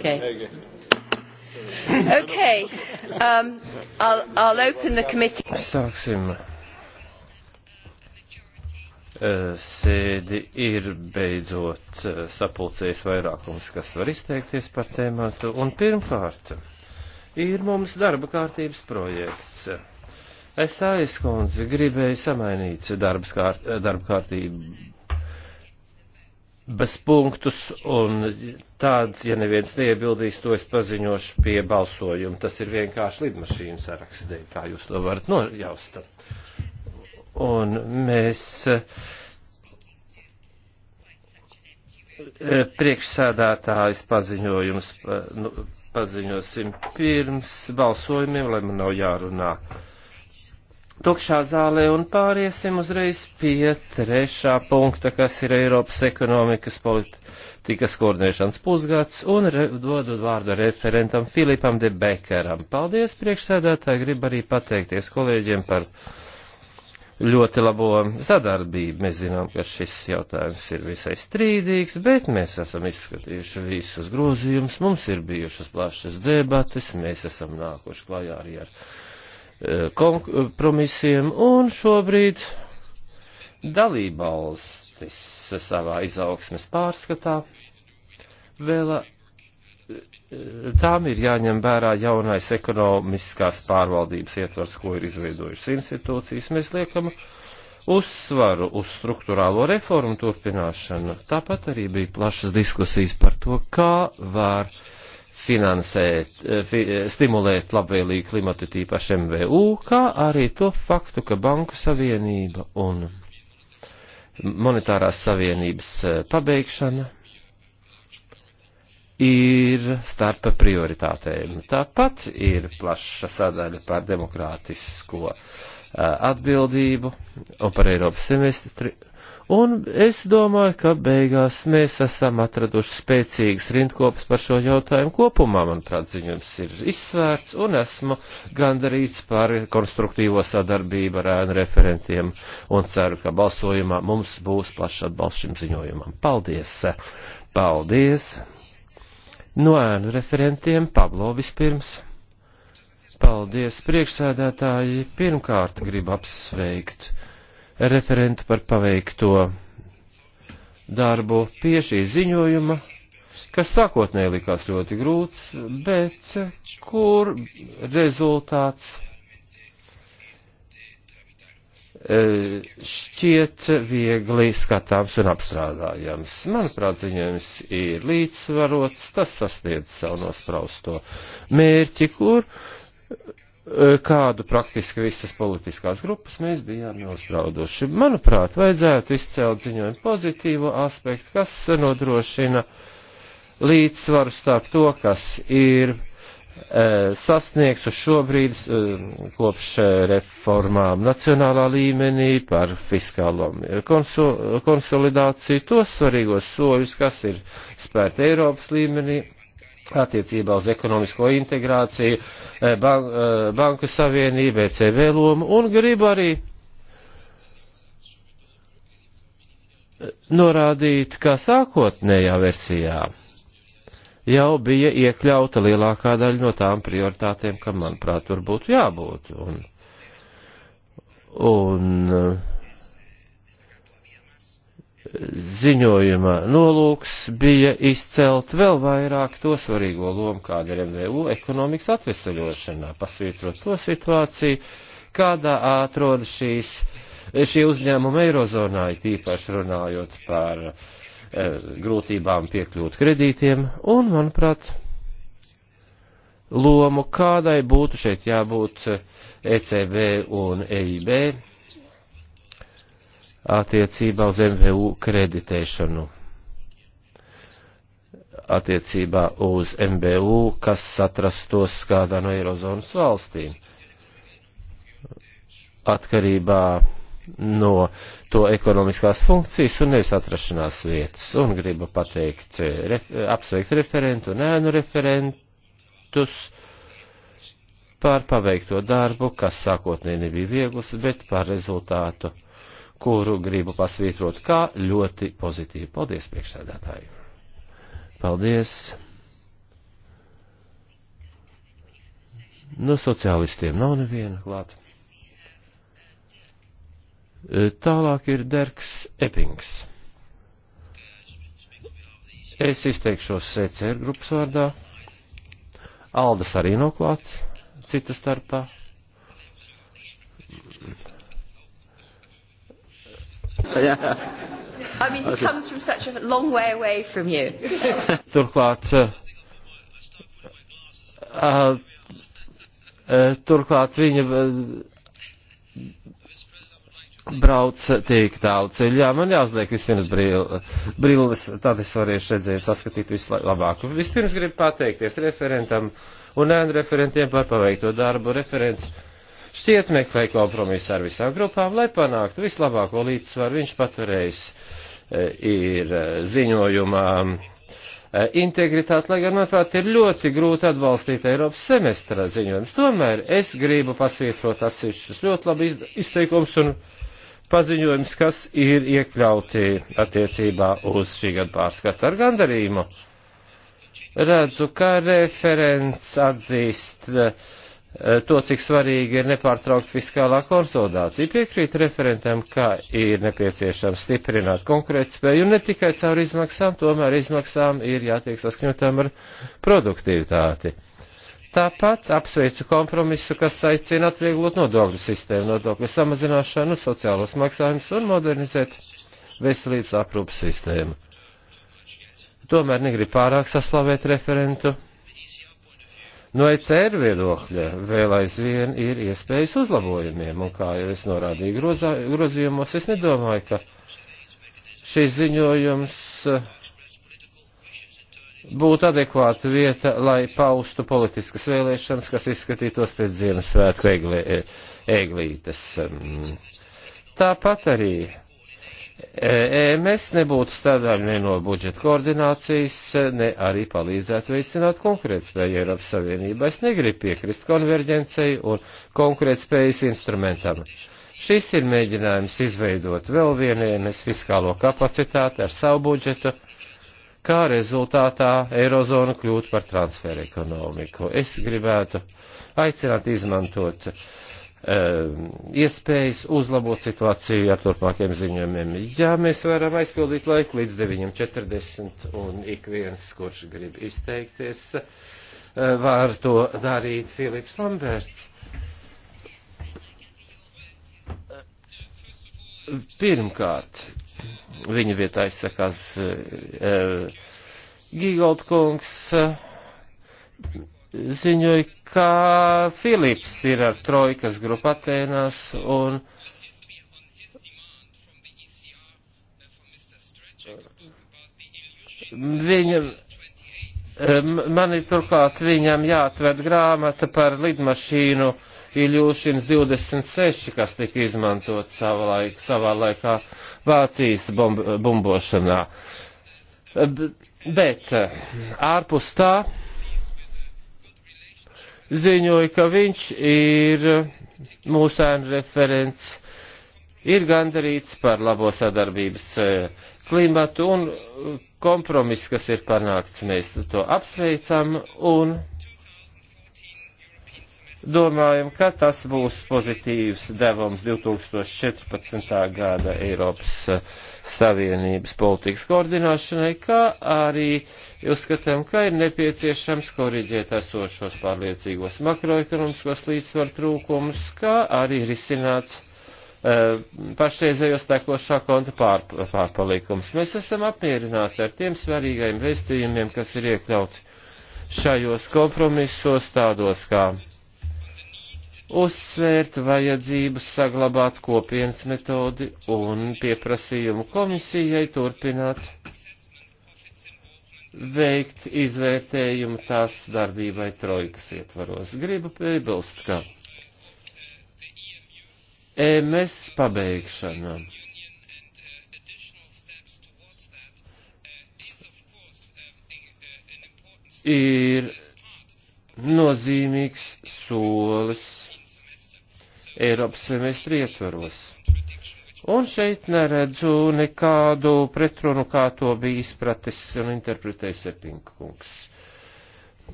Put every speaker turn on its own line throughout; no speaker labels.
Okay. Okay. Um, I'll, I'll open the committee.
Sāksim. Uh, sēdi ir beidzot uh, sapulcējis vairākums, kas var izteikties par tēmatu. Un pirmkārt, ir mums darba kārtības projekts. Es aizkundzi gribēju samainīt darba kārt, darb kārtību bez punktus, un tāds, ja neviens neiebildīs, to es paziņošu pie balsojuma. Tas ir vienkārši lidmašīnu saraksts dēļ, kā jūs to varat nojaust. Un mēs eh, priekšsēdētājs paziņojums eh, nu, paziņosim pirms balsojumiem, lai man nav jārunā tukšā zālē un pāriesim uzreiz pie trešā punkta, kas ir Eiropas ekonomikas politikas koordinēšanas pusgads, un re, dodu vārdu referentam Filipam de Bekeram. Paldies, priekšsēdētāji, gribu arī pateikties kolēģiem par ļoti labo sadarbību. Mēs zinām, ka šis jautājums ir visai strīdīgs, bet mēs esam izskatījuši visus grozījumus, mums ir bijušas plašas debates, mēs esam nākuši klajā arī ar. ar kompromisiem, un šobrīd dalībvalstis savā izaugsmes pārskatā vēl eh, tām ir jāņem vērā jaunais ekonomiskās pārvaldības ietvars, ko ir izveidojušas institūcijas. Mēs liekam uzsvaru uz struktūrālo reformu turpināšanu. Tāpat arī bija plašas diskusijas par to, kā var uh, finansēt, eh, fi, eh, stimulēt labvēlīgu klimatu tīpaši MVU, kā arī to faktu, ka Banku Savienība un Monetārās Savienības eh, pabeigšana ir starp prioritātēm. Tāpat ir plaša sadaļa par demokrātisko atbildību un par Eiropas semestri Un es domāju, ka beigās mēs esam atraduši spēcīgas rindkopas par šo jautājumu kopumā. Manuprāt, ziņojums ir izsvērts un esmu gandarīts par konstruktīvo sadarbību ar ēnu referentiem un ceru, ka balsojumā mums būs plašs atbalsts šim ziņojumam. Paldies! Paldies! No ēnu referentiem Pablo vispirms. Paldies, priekšsēdētāji! Pirmkārt gribu apsveikt referentu par paveikto darbu pie šī ziņojuma, kas sākotnēji likās ļoti grūts, bet kur rezultāts e, šķiet viegli skatāms un apstrādājams. Manuprāt, ziņojums ir līdzsvarots, tas sasniedz savu nosprausto mērķi, kur Eh, kādu praktiski visas politiskās grupas mēs bijām nostraudoši. Manuprāt, vajadzētu izcelt ziņojumu pozitīvo aspektu, kas nodrošina līdzsvaru starp to, kas ir e, sasniegts uz šobrīd e, eh, kopš reformām nacionālā līmenī par fiskālo konsolidāciju, tos svarīgos soļus, kas ir spērt Eiropas līmenī attiecībā uz ekonomisko integrāciju, e, ban e, banku savienību, ECB lomu un gribu arī e, norādīt, ka sākotnējā versijā jau bija iekļauta lielākā daļa no tām prioritātēm, kam, manuprāt, tur būtu jābūt. Un, un ziņojuma nolūks bija izcelt vēl vairāk to svarīgo lomu, kāda ir MVU ekonomikas atvesaļošanā, pasvītrot to situāciju, kādā atrodas šīs, šie uzņēmumi Eirozonā, tīpaši runājot par e, grūtībām piekļūt kredītiem, un, manuprāt, lomu kādai būtu šeit jābūt ECB eh, e un EIB attiecībā uz MVU kreditēšanu, attiecībā uz MBU, kas atrastos kādā no Eirozonas valstīm, atkarībā no to ekonomiskās funkcijas un nevis atrašanās vietas. Un gribu pateikt, ref, apsveikt referentu un ēnu referentus par paveikto darbu, kas sākotnēji nebija viegls, bet par rezultātu kuru gribu pasvītrot kā ļoti pozitīvu. Paldies, priekšsēdētāji! Paldies! No nu, sociālistiem nav neviena klāt. E, tālāk ir Derks Epings. Es izteikšos e CCR grupas vārdā. Aldas arī noklāts, cita starpā. I mean, he comes
from such a long way away from you.
Turklāt, uh, uh, turklāt viņa uh, brauc tiek tālu ceļā. Man jāuzliek vispirms brilles, tad es varēšu redzēt, saskatīt vislabāk. Vispirms gribu pateikties referentam un ēnu referentiem par paveikto darbu. Referents šķiet meklē kompromisu ar visām grupām, lai panāktu vislabāko līdzsvaru. Viņš paturējis e, ir e, ziņojumā e, integritāti, lai gan, manuprāt, ir ļoti grūti atbalstīt Eiropas semestra ziņojumus. Tomēr es gribu pasvietrot atsevišķus ļoti labi izteikums un paziņojums, kas ir iekļauti attiecībā uz šī gada pārskatu ar gandarījumu. Redzu, ka referents atzīst uh, Eh, to, cik svarīgi ir nepārtraukt fiskālā konsolidācija. Piekrīt referentam, ka ir nepieciešams stiprināt konkurētspēju, un ne tikai caur izmaksām, tomēr izmaksām ir jātiek saskņotām ar produktivitāti. Tāpat apsveicu kompromisu, kas aicina atvieglot nodokļu sistēmu, nodokļu samazināšanu, sociālos maksājumus un modernizēt veselības aprūpas sistēmu. Tomēr negribu pārāk saslavēt referentu No ECR viedokļa vēl aizvien ir iespējas uzlabojumiem, un kā jau es norādīju grozā, grozījumos, es nedomāju, ka šis ziņojums eh, būtu adekvāta vieta, lai paustu politiskas vēlēšanas, kas izskatītos pēc Ziemassvētku e, eglītes. Mm. Tāpat arī EMS nebūtu sadaļa ne no budžeta koordinācijas, ne arī palīdzētu veicināt konkurētspēju Eiropas Savienībā. Es negribu piekrist konverģencei un konkurētspējas instrumentam. Šis ir mēģinājums izveidot vēl vienu EMS fiskālo kapacitāti ar savu budžetu, kā rezultātā Eirozona kļūtu par transferekonomiku. Es gribētu aicināt izmantot uh, Eh, iespējas uzlabot situāciju ar turpmākiem ziņojumiem. Jā, mēs varam aizpildīt laiku līdz 9.40 un ik viens, kurš grib izteikties, eh, var to darīt Filips Lamberts. Pirmkārt, viņa vietā aizsakās uh, eh, Gigold kungs. Uh, ziņoja, ka Filips ir ar trojkas grupu Atēnās un viņam Man ir turklāt viņam jāatved grāmata par lidmašīnu Iļūšins 26, kas tika izmantot savā, laik, savā laikā Vācijas bumbošanā. Bet ārpus tā ziņoja, ka viņš ir mūsu ēnu referents, ir gandarīts par labo sadarbības e, klimatu un kompromiss, kas ir panākts, mēs to apsveicam un domājam, ka tas būs pozitīvs devums 2014. gada Eiropas e, Savienības politikas koordināšanai, kā arī uzskatām, ka ir nepieciešams koriģēt esošos pārliecīgos makroekonomiskos līdzsvaru trūkumus, kā arī risināts uh, e, pašreizējos tekošā konta pār, pārpalikums. Mēs esam apmierināti ar tiem svarīgajiem vēstījumiem, kas ir iekļauts šajos kompromisos tādos kā uzsvērt vajadzību saglabāt kopienas metodi un pieprasījumu komisijai turpināt veikt izvērtējumu tās darbībai trojkas ietvaros. Gribu piebilst, ka e MS pabeigšana ir nozīmīgs solis Eiropas semestri ietvaros. Un šeit neredzu nekādu pretrunu, kā to bija izpratis un interpretējis Sepinkungs.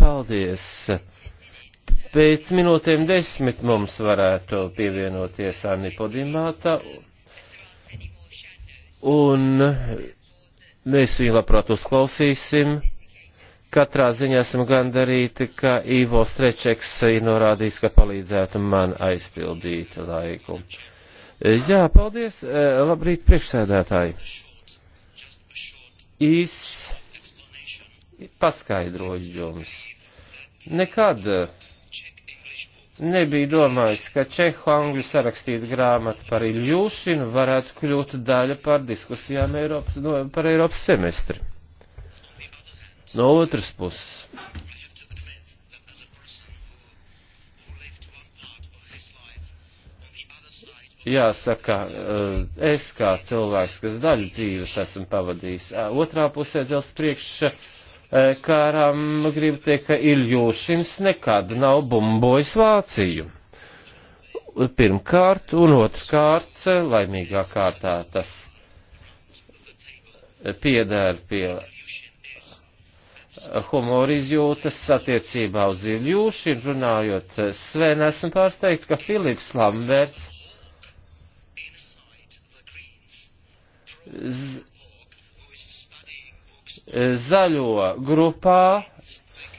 Paldies! Pēc minūtēm desmit mums varētu pievienoties Anni Podimāta, un mēs viņu labprāt uzklausīsim. Katrā ziņā esam gandarīti, ka Ivo Strečeks ir norādījis, ka palīdzētu man aizpildīt laiku. Jā, paldies. Eh, labrīt, priekšsēdētāji. Īs paskaidrojums. Nekad eh, nebija domājis, ka čehu angļu sarakstīta grāmata par Iļūšinu varētu kļūt daļa par diskusijām Eiropas, no, par Eiropas semestri. No otras puses, jāsaka, eh, es kā cilvēks, kas daļu dzīves esmu pavadījis, eh, otrā pusē dzels priekš eh, kāram gribu teikt, ka Iljūšins nekad nav bumbojis Vāciju. Pirmkārt un otrkārt, laimīgā kārtā tas piedēra pie humora izjūtas attiecībā uz Iljūšu, un runājot eh, Svenu, esmu pārsteigts, ka Filips Lamberts zaļo grupā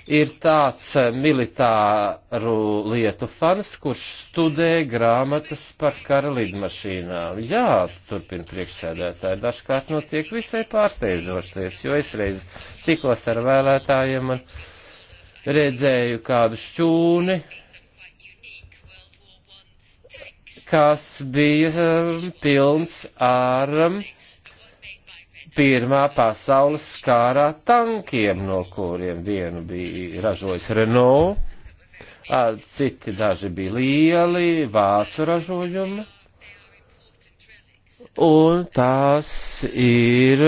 ir tāds eh, militāru lietu fans, kurš studē grāmatas par kara lidmašīnām. Jā, turpina priekšsēdētāji, dažkārt notiek visai pārsteidzošas lietas, jo es reiz tikos ar vēlētājiem un redzēju kādu šķūni, kas bija eh, pilns ar Pirmā pasaules kārā tankiem, no kuriem vienu bija ražojis Renault, citi daži bija lieli vācu ražojumi, un tās ir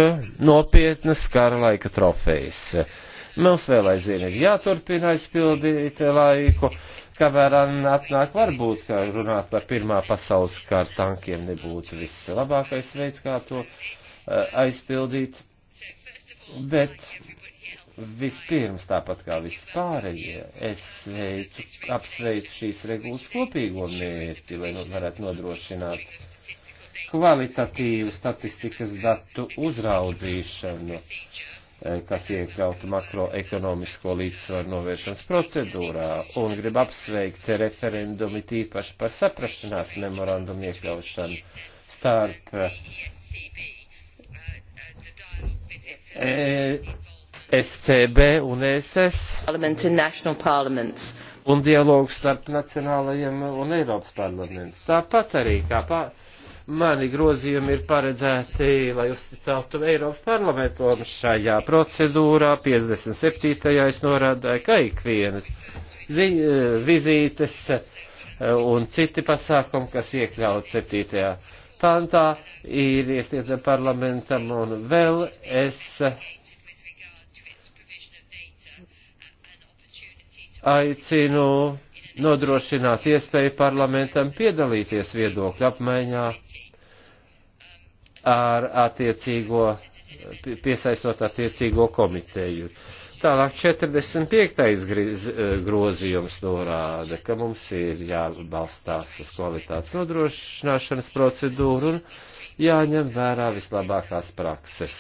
nopietnas kara laika trofejas. Mums vēl aizvien ir jāturpina aizpildīt laiku, kamēr atnāk varbūt, ka runāt par Pirmā pasaules kara tankiem nebūtu vislabākais veids, kā to Eh, aizpildīt, bet vispirms, tāpat kā visi pārējie, es sveicu, apsveicu šīs regulas kopīgo mērķi, lai nu varētu nodrošināt kvalitatīvu statistikas datu uzraudzīšanu, eh, kas iekļautu makroekonomisko līdzsvaru novēršanas procedūrā, un grib apsveikt referendumi tīpaši par saprašanās memorandumu iekļaušanu starp E, SCB un ESS un dialogu starp nacionālajiem un Eiropas parlamentu. Tāpat arī kā pa, mani grozījumi ir paredzēti, lai uzticētu Eiropas parlamentu un šajā procedūrā 57. es norādāju, ka ikvienas zi, e, vizītes e, un citi pasākumi, kas iekļaut 7 pantā ir iesniedzama parlamentam un vēl es aicinu nodrošināt iespēju parlamentam piedalīties viedokļu apmaiņā ar attiecīgo, piesaistot attiecīgo komiteju. Uh, Tālāk 45. E, grozījums norāda, ka mums ir jābalstās uz kvalitātes nodrošināšanas procedūru un jāņem vērā vislabākās prakses,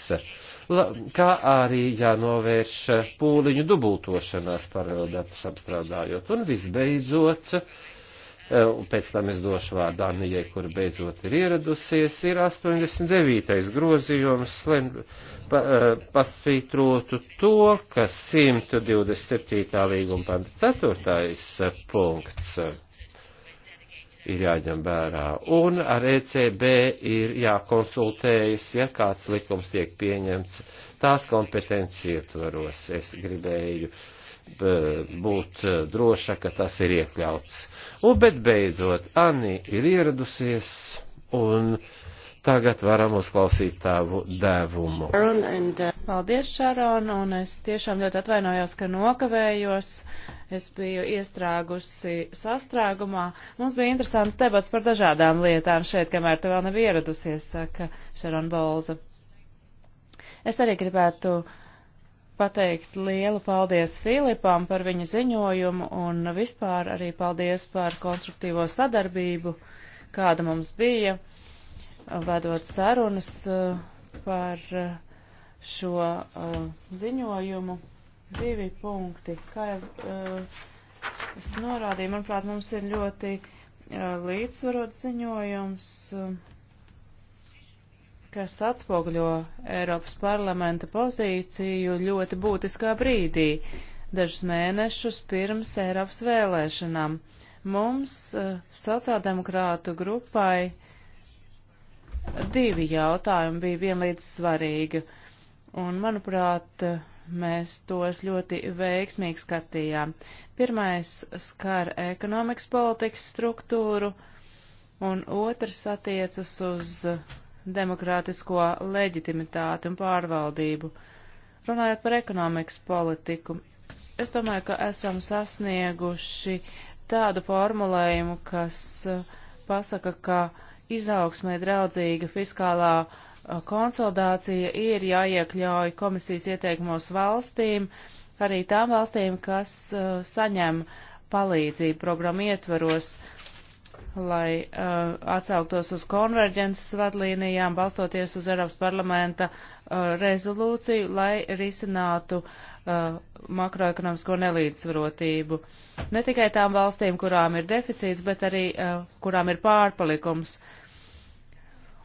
kā arī jānovērš pūliņu dubultošanās paralēlētas apstrādājot. Un visbeidzot, e, un pēc tam es došu vārdu Anijai, kur beidzot ir ieradusies, ir 89. grozījums, pa, eh, pasvītrotu to, ka 127. līguma panta 4. Eh, punkts eh, ir jāņem vērā. Un ar ECB ir jākonsultējas, ja kāds likums tiek pieņemts tās kompetenci ietvaros. Es gribēju būt droša, ka tas ir iekļauts. Un, bet beidzot, Anni ir ieradusies un tagad varam uzklausīt tavu dēvumu.
Uh, paldies, Šaron, un es tiešām ļoti atvainojos, ka nokavējos. Es biju iestrāgusi sastrēgumā. Mums bija interesants debats par dažādām lietām šeit, kamēr tu vēl nebija ieradusies, saka Šaron Bolza. Es arī gribētu pateikt lielu paldies Filipam par viņa ziņojumu un vispār arī paldies par konstruktīvo sadarbību, kāda mums bija vedot sarunas eh, par eh, šo eh, ziņojumu. Divi punkti. Kā jau es norādīju, manuprāt, mums ir ļoti līdzsvarot ziņojums, kas atspoguļo Eiropas parlamenta pozīciju ļoti būtiskā brīdī, dažus mēnešus pirms Eiropas vēlēšanām. Mums, sociāldemokrātu grupai, Divi jautājumi bija vienlīdz svarīgi, un, manuprāt, mēs tos ļoti veiksmīgi skatījām. Pirmais skar ekonomikas politikas struktūru, un otrs attiecas uz demokrātisko leģitimitāti un pārvaldību. Runājot par ekonomikas politiku, es domāju, ka esam sasnieguši tādu formulējumu, kas pasaka, ka izaugsmē draudzīga fiskālā konsolidācija ir jāiekļauj komisijas ieteikumos valstīm, arī tām valstīm, kas saņem palīdzību programmu ietvaros, lai uh, atsauktos uz konverģences vadlīnijām, balstoties uz Eiropas parlamenta uh, rezolūciju, lai risinātu uh, makroekonomisko nelīdzsvarotību. Ne tikai tām valstīm, kurām ir deficīts, bet arī uh, kurām ir pārpalikums.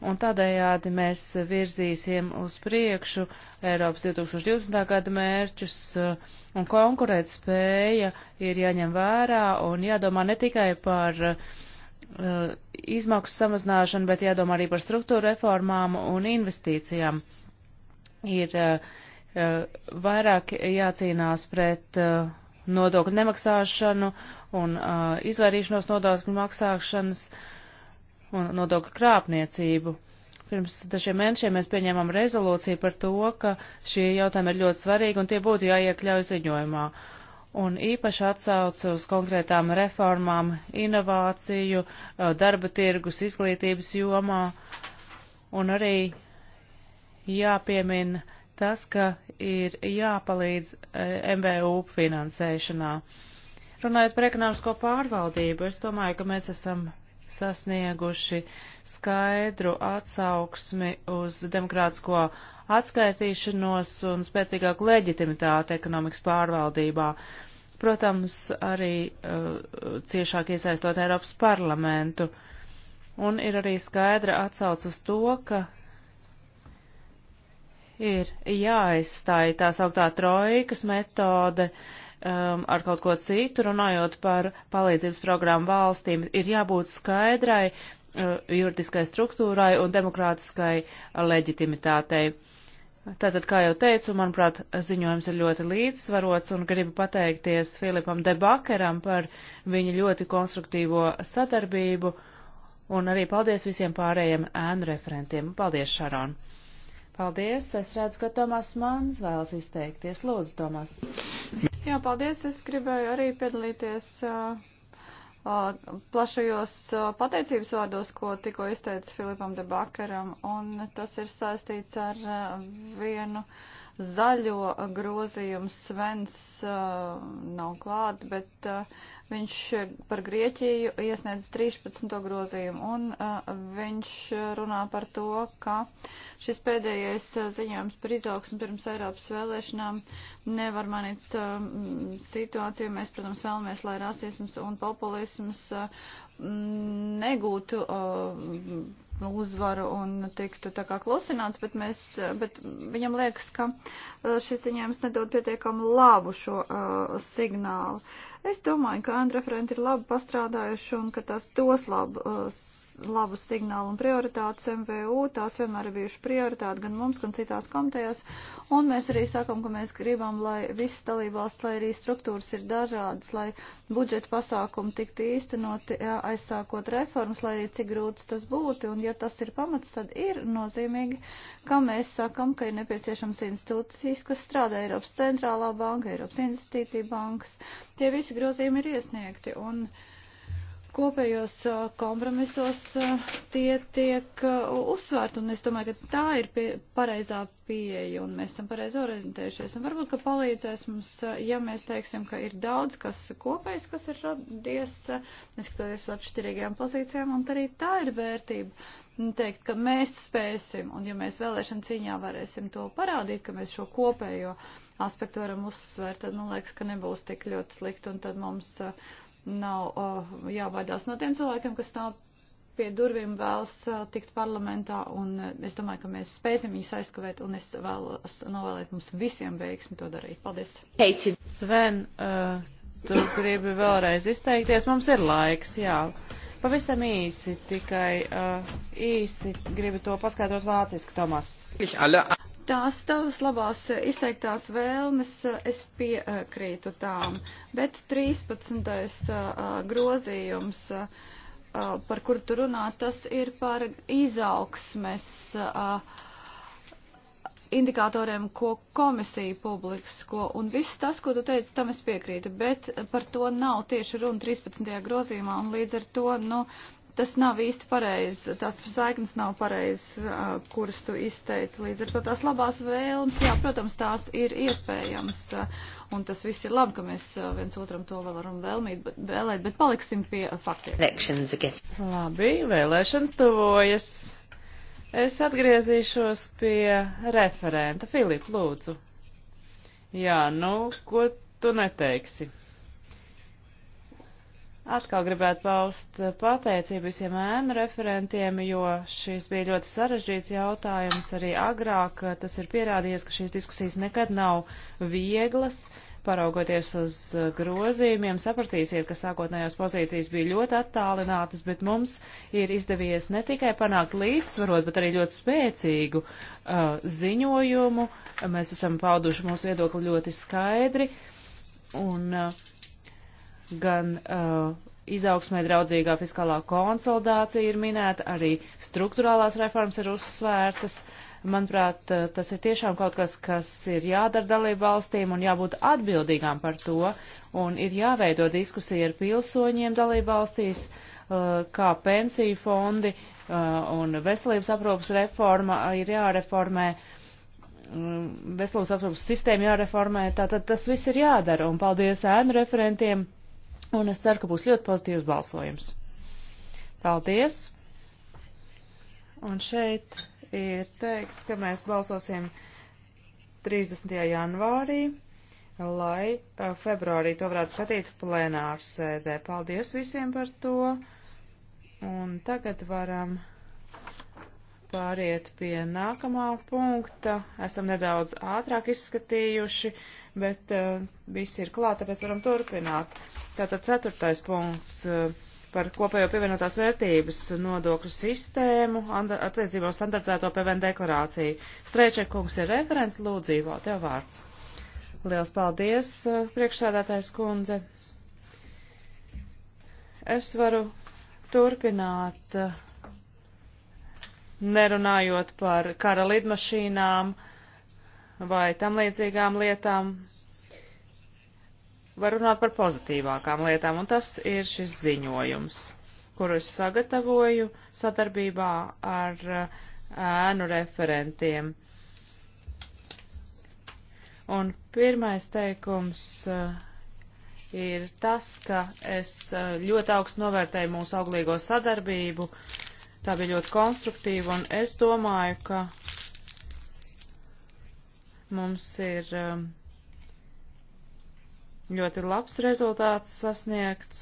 Un tādējādi mēs virzīsim uz priekšu Eiropas 2020. gada mērķus, uh, un konkurēt spēja ir jāņem vērā un jādomā ne tikai par uh, uh, izmaksu samazināšanu, bet jādomā arī par struktūra reformām un investīcijām. Ir uh, uh vairāk jācīnās pret uh, nodokļu nemaksāšanu un uh, izvairīšanos nodokļu maksāšanas un nodokļu krāpniecību. Pirms dažiem mēnešiem mēs pieņēmām rezolūciju par to, ka šie jautājumi ir ļoti svarīgi un tie būtu jāiekļauj ziņojumā. Uh, un īpaši atsauca uz konkrētām reformām, inovāciju, darba tirgus, izglītības jomā, un arī jāpiemina tas, ka ir jāpalīdz MVU finansēšanā. Runājot par ekonomisko pārvaldību, es domāju, ka mēs esam sasnieguši skaidru atsauksmi uz demokrātisko atskaitīšanos un spēcīgāku leģitimitāti ekonomikas pārvaldībā. Protams, arī uh, ciešāk iesaistot Eiropas parlamentu. Un ir arī skaidra atsauc uz to, ka ir jāaizstāj tā sauktā trojkas metode, uh, um, ar kaut ko citu, runājot par palīdzības programmu valstīm, ir jābūt skaidrai uh, juridiskai struktūrai un demokrātiskai leģitimitātei. Tātad, kā jau teicu, manuprāt, ziņojums ir ļoti līdzsvarots un gribu pateikties Filipam Debakeram par viņa ļoti konstruktīvo sadarbību un arī paldies visiem pārējiem ēnu referentiem. Paldies, Šaron! Paldies! Es redzu, ka Tomas Mans vēlas izteikties. Lūdzu, Tomas!
Jā, paldies. Es gribēju arī piedalīties uh, uh, plašajos uh, pateicības vārdos, ko tikko izteica Filipam de Bakaram, un tas ir saistīts ar uh, vienu. Uh, zaļo grozījumu Svens uh, nav klāt, bet uh, viņš par Grieķiju iesniedz 13. grozījumu un uh, viņš runā par to, ka šis pēdējais uh, ziņojums par izaugsmu pirms Eiropas vēlēšanām nevar manīt uh, um, situāciju. Mēs, protams, vēlamies, lai rasisms un populisms uh, negūtu. Uh, uzvaru un tiktu tā kā klusināts, bet, mēs, bet viņam liekas, ka uh, šis ziņojums nedod pietiekami labu šo uh, signālu. Es domāju, ka Andra Frenti ir labi pastrādājuši un ka tas dos labu uh, labus signālus un prioritātes MVU. Tās vienmēr ir bijušas prioritāte gan mums, gan citās komitejās. Un mēs arī sakam, ka mēs gribam, lai visas dalībvalsts, lai arī struktūras ir dažādas, lai budžeta pasākumi tiktu īstenoti, jā, aizsākot reformas, lai arī cik grūts tas būtu. Un ja tas ir pamats, tad ir nozīmīgi, ka mēs sakam, ka ir nepieciešams institūcijas, kas strādā Eiropas centrālā banka, Eiropas investīcija bankas. Tie visi grozījumi ir iesniegti. Un, uh, kopējos kompromisos tie tiek uzsvērti, un es domāju, ka tā ir pie, pareizā pieeja, un mēs esam pareizi orientējušies. Un varbūt, ka palīdzēs mums, ja mēs teiksim, ka ir daudz kas kopējs, kas ir radies, neskatoties uz atšķirīgajām pozīcijām, un arī tā ir vērtība. Teikt, ka mēs spēsim, un ja mēs vēlēšana cīņā varēsim to parādīt, ka mēs šo kopējo aspektu varam uzsvērt, tad, man liekas, ka nebūs tik ļoti slikti, un tad mums. Uh, Nav uh, jābaidās no tiem cilvēkiem, kas stāv pie durvīm vēlas tikt parlamentā, un e, es domāju, ka mēs spēsim viņus aizskavēt, un es vēlos novēlēt mums visiem veiksmi to darīt. Paldies!
Heiti. Sven, uh, tu gribi vēlreiz izteikties, mums ir laiks, jā. Pavisam īsi, tikai uh, īsi gribu to paskaidrot vāciski, Tomas
tās tavas labās eh, izteiktās vēlmes, eh, es piekrītu tām, bet 13. Eh, grozījums, par kuru tu runā, tas ir par izaugsmes indikatoriem, ko komisija publisko, un viss tas, ko tu teici, tam es piekrītu, bet par to nav tieši runa 13. grozījumā, un līdz ar to, nu, tas nav īsti pareizi, tās saiknes nav pareizi, kuras tu izteici. Līdz ar to tās labās vēlmes, jā, protams, tās ir iespējams, un tas viss ir labi, ka mēs viens otram to vēl varam vēlmīt, bet, vēlēt, bet paliksim pie faktiem.
Labi, vēlēšanas tuvojas. Es atgriezīšos pie referenta. Filip, lūdzu. Jā, nu, ko tu neteiksi? Atkal gribētu paust pateicību visiem ēnu referentiem, jo šis bija ļoti sarežģīts jautājums arī agrāk. Eh, tas ir pierādījies, ka šīs diskusijas nekad nav vieglas. Paraugoties uz eh, grozījumiem, sapratīsiet, ka sākotnējās pozīcijas bija ļoti attālinātas, bet mums ir izdevies ne tikai panākt līdzsvarot, bet arī ļoti spēcīgu uh, ziņojumu. Mēs esam pauduši mūsu viedokli ļoti skaidri. Un, uh, gan uh, izaugsmē draudzīgā fiskālā konsolidācija ir minēta, arī struktūrālās reformas ir uzsvērtas. Manuprāt, uh, tas ir tiešām kaut kas, kas ir jādara dalību valstīm un jābūt atbildīgām par to, un ir jāveido diskusija ar pilsoņiem dalību valstīs, uh, kā pensiju fondi uh, un veselības aprūpas reforma ir jāreformē um, veselības aprūpas sistēma jāreformē, tātad tas viss ir jādara, un paldies ēnu referentiem un es ceru, ka būs ļoti pozitīvs balsojums. Paldies! Un šeit ir teikts, ka mēs balsosim 30. janvārī, lai februārī to varētu skatīt plenārs sēdē. Paldies visiem par to! Un tagad varam pāriet pie nākamā punkta. Esam nedaudz ātrāk izskatījuši, bet uh, viss ir klāt, tāpēc varam turpināt. Tātad ceturtais punkts eh, par kopējo pievienotās vērtības nodokļu sistēmu attiecībā uz standartēto PVN deklarāciju. Strēček kungs ir referents, lūdzu, Ivo, tev vārds. Liels paldies, eh, priekšsēdētājs kundze. Es varu turpināt, eh, nerunājot par kara lidmašīnām vai tam līdzīgām lietām, var runāt par pozitīvākām lietām, un tas ir šis ziņojums, kuru es sagatavoju sadarbībā ar eh, ēnu referentiem. Un pirmais teikums eh, ir tas, ka es eh, ļoti augstu novērtēju mūsu auglīgo sadarbību. Tā bija ļoti konstruktīva, un es domāju, ka mums ir Ļoti labs rezultāts sasniegts,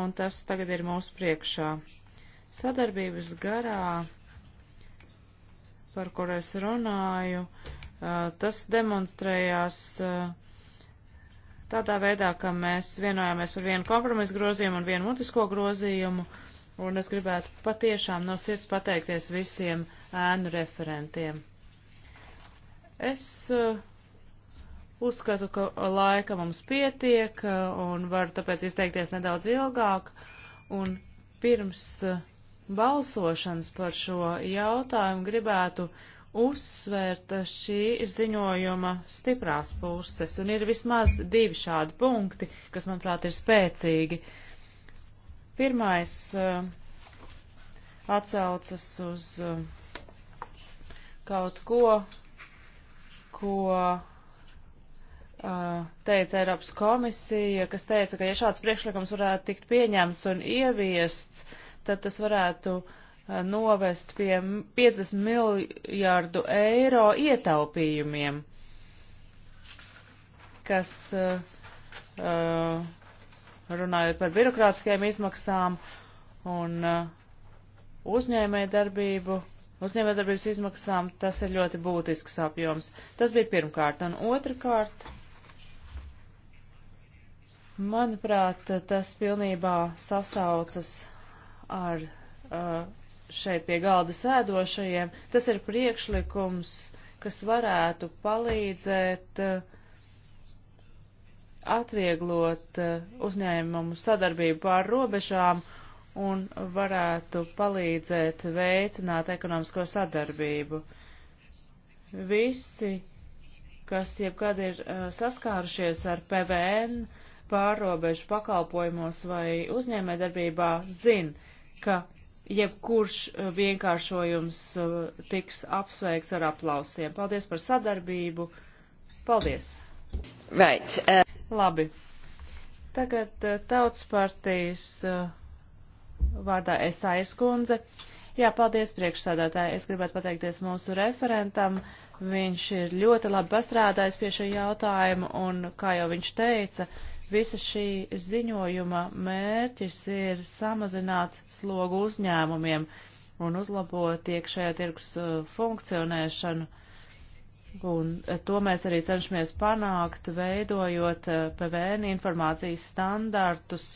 un tas tagad ir mūsu priekšā. Sadarbības garā, par kur es runāju, tas demonstrējās tādā veidā, ka mēs vienojāmies par vienu kompromisu grozījumu un vienu mutisko grozījumu, un es gribētu patiešām no sirds pateikties visiem ēnu referentiem. Es uh, Uzskatu, ka laika mums pietiek eh, un var tāpēc izteikties nedaudz ilgāk. Un pirms eh, balsošanas par šo jautājumu gribētu uzsvērt eh, šī ziņojuma stiprās puses. Un ir vismaz divi šādi punkti, kas, manuprāt, ir spēcīgi. Pirmais atsaucas uz kaut ko, ko teica Eiropas komisija, kas teica, ka ja šāds priekšlikums varētu tikt pieņemts un ieviests, tad tas varētu novest pie 50 miljārdu eiro ietaupījumiem, kas, runājot par birokrātiskajām izmaksām un uzņēmē darbību, uzņēmē darbības izmaksām, tas ir ļoti būtisks apjoms. Tas bija pirmkārt. Un otrkārt Manuprāt, tas pilnībā sasaucas ar uh, šeit pie galda sēdošajiem. Tas ir priekšlikums, kas varētu palīdzēt uh, atvieglot uh, uzņēmumu sadarbību pār robežām un varētu palīdzēt veicināt ekonomisko sadarbību. Visi, kas jebkad ir saskārušies ar PVN, uh, pārobežu pakalpojumos vai uzņēmējdarbībā zin, ka jebkurš uh, vienkāršojums uh, tiks apsveikts ar aplausiem. Paldies par sadarbību. Paldies. Right. Uh... Labi. Tagad uh, tautas partijas vārdā Esājas kundze. Jā, paldies priekšsādātāji. Es gribētu pateikties mūsu referentam. Viņš ir ļoti labi pastrādājis pie šī jautājuma un, kā jau viņš teica, Visa šī ziņojuma mērķis ir samazināt slogu uzņēmumiem un uzlabot iekšējā tirgus uh, funkcionēšanu. Un uh, to mēs arī cenšamies panākt, veidojot uh, PVN informācijas standartus.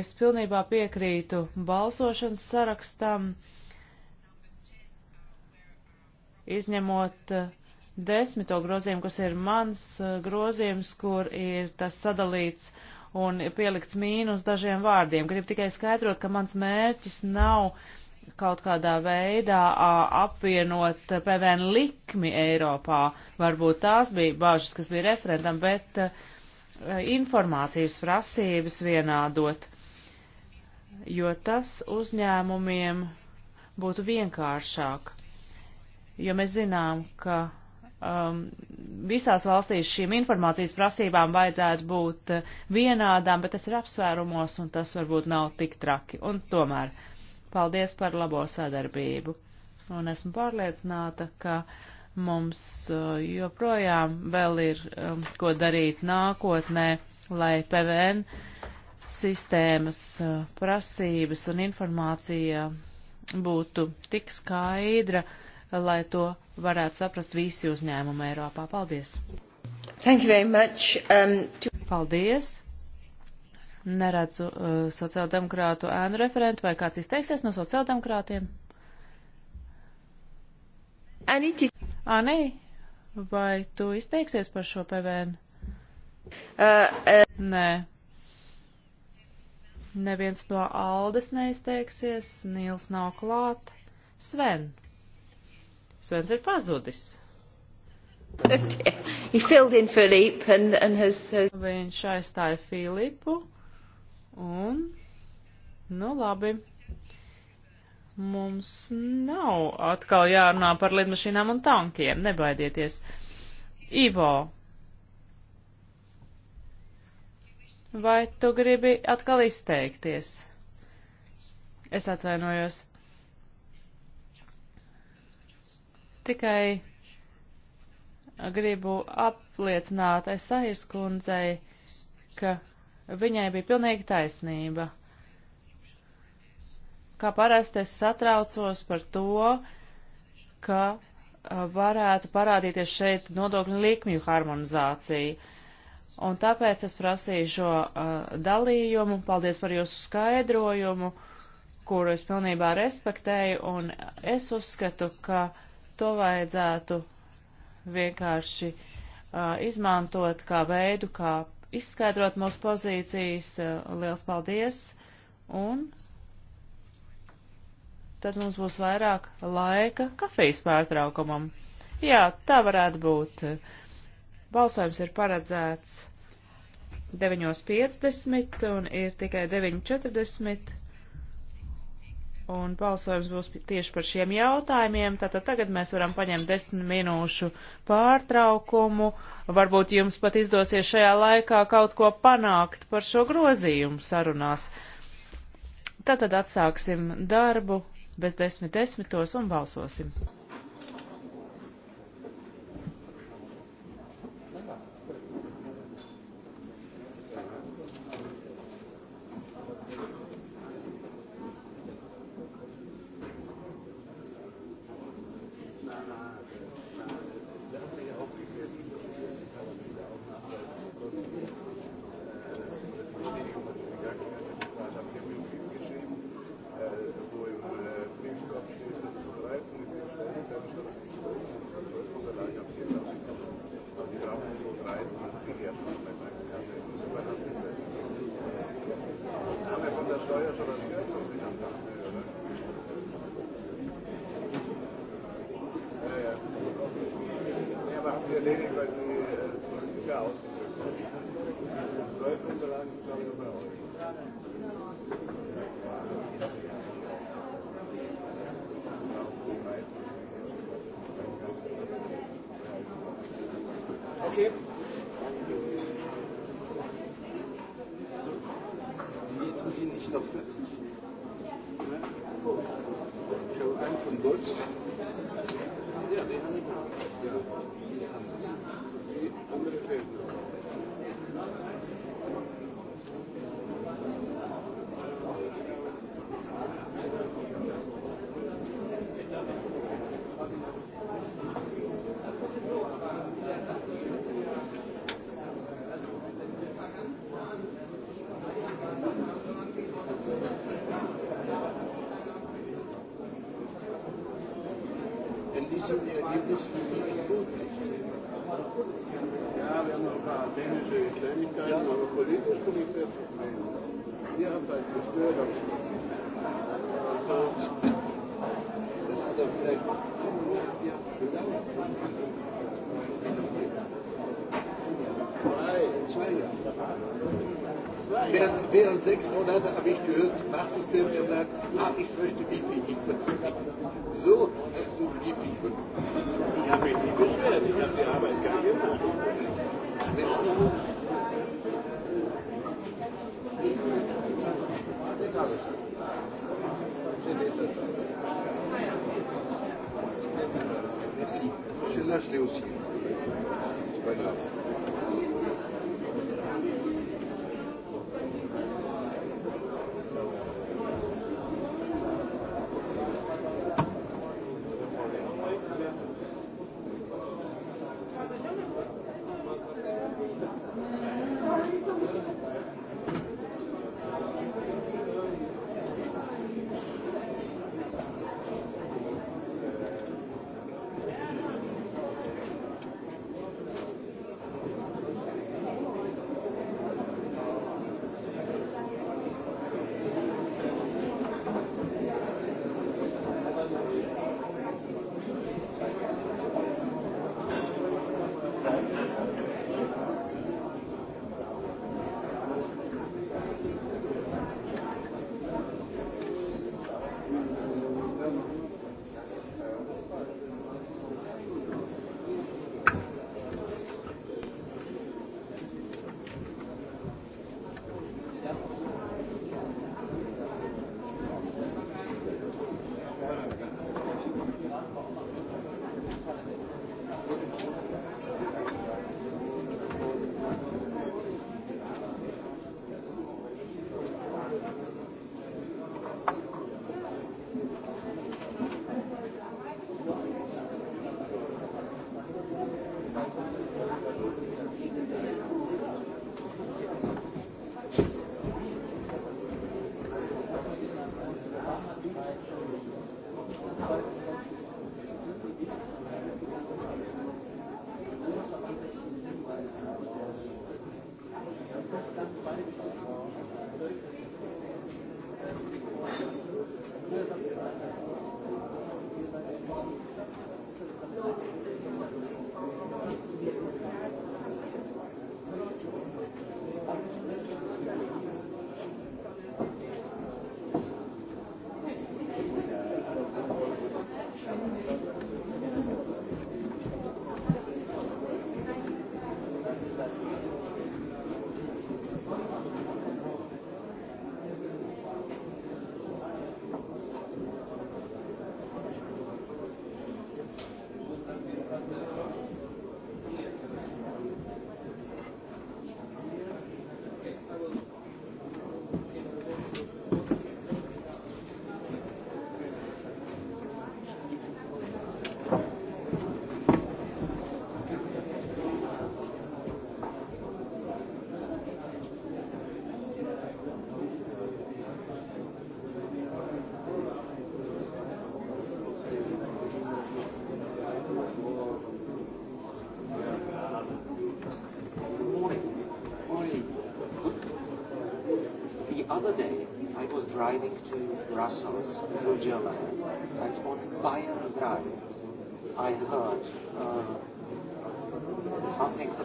Es pilnībā piekrītu balsošanas sarakstam, izņemot uh, desmito grozījumu, kas ir mans eh, grozījums, kur ir tas sadalīts un pielikts mīnus dažiem vārdiem. Gribu tikai skaidrot, ka mans mērķis nav kaut kādā veidā apvienot PVN likmi Eiropā. Varbūt tās bija bāžas, kas bija referentam, bet eh, informācijas prasības vienādot, jo tas uzņēmumiem būtu vienkāršāk. Jo mēs zinām, ka um, visās valstīs šīm informācijas prasībām vajadzētu būt vienādām, bet tas ir apsvērumos un tas varbūt nav tik traki. Un tomēr paldies par labo sadarbību. Un esmu pārliecināta, ka mums uh, joprojām vēl ir um, ko darīt nākotnē, lai PVN sistēmas uh, prasības un informācija būtu tik skaidra, lai to varētu saprast visi uzņēmumi Eiropā. Paldies!
Thank you very much. Um, to...
Paldies! Neredzu uh, sociāldemokrātu ēnu referentu vai kāds izteiksies no sociāldemokrātiem. Anīti. Anī, vai tu izteiksies par šo PVN? Uh, uh... Nē. Neviens no Aldes neizteiksies, Nils nav klāt. Sven, Svens ir pazudis. And, and has... Viņš aizstāja Filipu un, nu labi, mums nav atkal jārunā par lidmašīnām un tankiem, nebaidieties. Ivo, vai tu gribi atkal izteikties? Es atvainojos. Tikai gribu apliecināt Esairs kundzei, ka viņai bija pilnīgi taisnība. Kā parasti es satraucos par to, ka varētu parādīties šeit nodokļu likmju harmonizācija. Un tāpēc es prasīju šo uh, dalījumu. Paldies par jūsu skaidrojumu, kuru es pilnībā respektēju, un es uzskatu, ka uh, to vajadzētu vienkārši uh, izmantot kā veidu, kā izskaidrot mūsu pozīcijas. Uh, liels paldies! Un tad mums būs vairāk laika kafijas pārtraukumam. Jā, tā varētu būt. Balsojums ir paredzēts 9.50 un ir tikai 9.40 un balsojums būs tieši par šiem jautājumiem. Tātad tagad mēs varam paņemt desmit minūšu pārtraukumu. Varbūt jums pat izdosies šajā laikā kaut ko panākt par šo grozījumu sarunās. Tātad atsāksim darbu bez desmit desmitos un balsosim.
sind die Ergebnisse wirklich gut. Ja, wir haben noch ein paar dänische Kleinigkeiten, ja. aber politisch bin ich sehr zufrieden. Ihr habt halt gestört am Schluss. Also, das hat er vielleicht gedauert. Zwei, zwei Jahre während, während, während sechs Monate habe ich gehört, Nachrichten gesagt, ah, ich möchte Mifid. So hast du Mifid bekommen. Ich habe mich nie beschwert, ich habe die Arbeit gar gemacht. Letzte Woche. Das habe ich. Merci. Je lâche les aussi. C'est pas grave.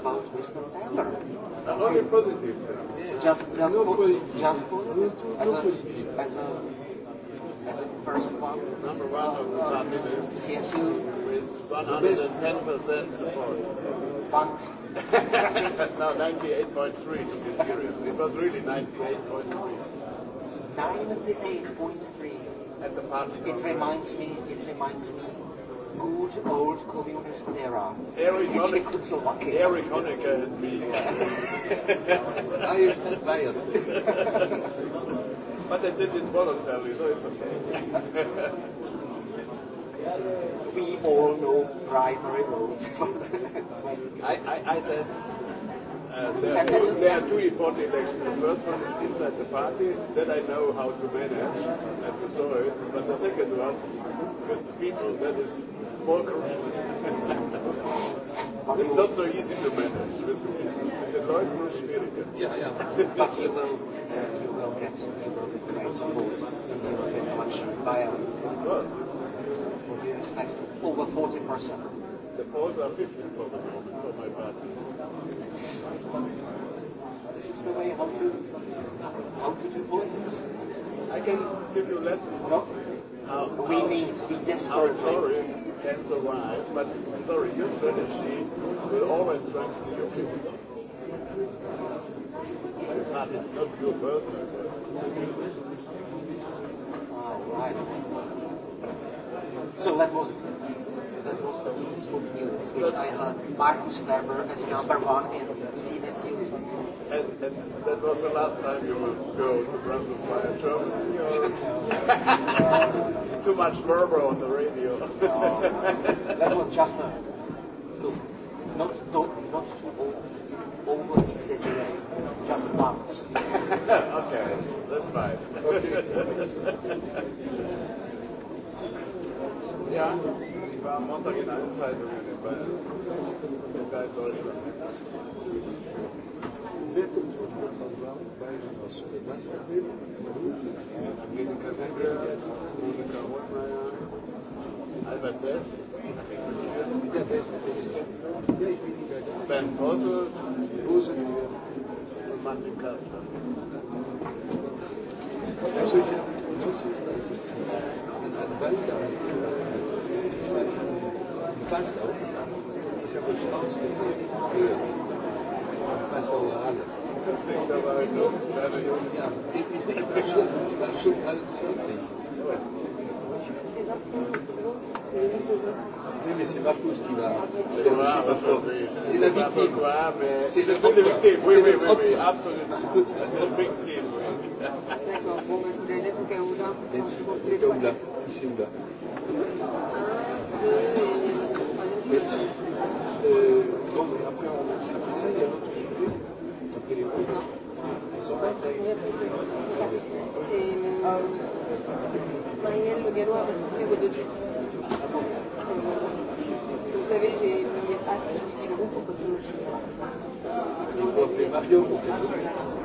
about Mr. Taylor. Only positive, sir. Just, just, no po- positive. just positive. No, as, no a, positive. as a as a first one. Number one of the party list. CSU with 110% support. But no, 98.3 to be serious. It was really 98.3. 98.3. At the party. It reminds me. It reminds me good old communist era.
Erich Honecker. Czechoslovakia. Erich
Honecker and me. Yeah. I used that Bayern. but I did it voluntarily, so it's okay. we all know primary votes. I, I, I said Uh, there, are two, there are two important elections. The first one is inside the party, that I know how to manage, and you saw it. But the second one, with people, that is small cruise It's not so easy to manage, wissen Sie. Mit den Leuten ist es schwieriger. Ja, ja. But you will, uh, you will get, you will get great support in the European election by a, what do you expect, over 40%. The polls are 50 for the moment for my party. This is the way how to, how to do politics. I can give you lessons. No? uh, we need, we desperately need. can survive, but sorry, your strategy will always strengthen your people. It's not, it's not your personal oh, right. So that was that was the least good news, which I had uh, Martin Schleber as number one in CSU. And, and that was the last time you would go to Brussels via Germany. Too much murmur on the radio. no, that was just a look. Not, don't, not to over exaggerate, just once. okay, that's fine. Okay. Ja, ich war am Montag in allen Zeitungen in Bayern. In Bayern Deutschland. Angelika Henke, Monika Holtmeier, Albert Bess, dieser Bess, den ich jetzt noch, Ben Bossel, Busentil und Martin Kastner. C'est la victime. C'est la victime. Oui, oui, oui, oui, absolument. C'est la victime, oui. D'accord, bon, bah, je vous la laisse au cas où là. Merci, au cas où là. Ici ou là. Un, deux et. Merci. Euh, non, mais après, on, après ça, il y a l'autre sujet. Après les prix. Ils sont pas Et euh, Marielle Le Gallois a trouvé vos deux tweets. Ah bon Parce que vous savez, j'ai mis hâte de le groupe au côté de l'autre. Il faut appeler Mario pour qu'il le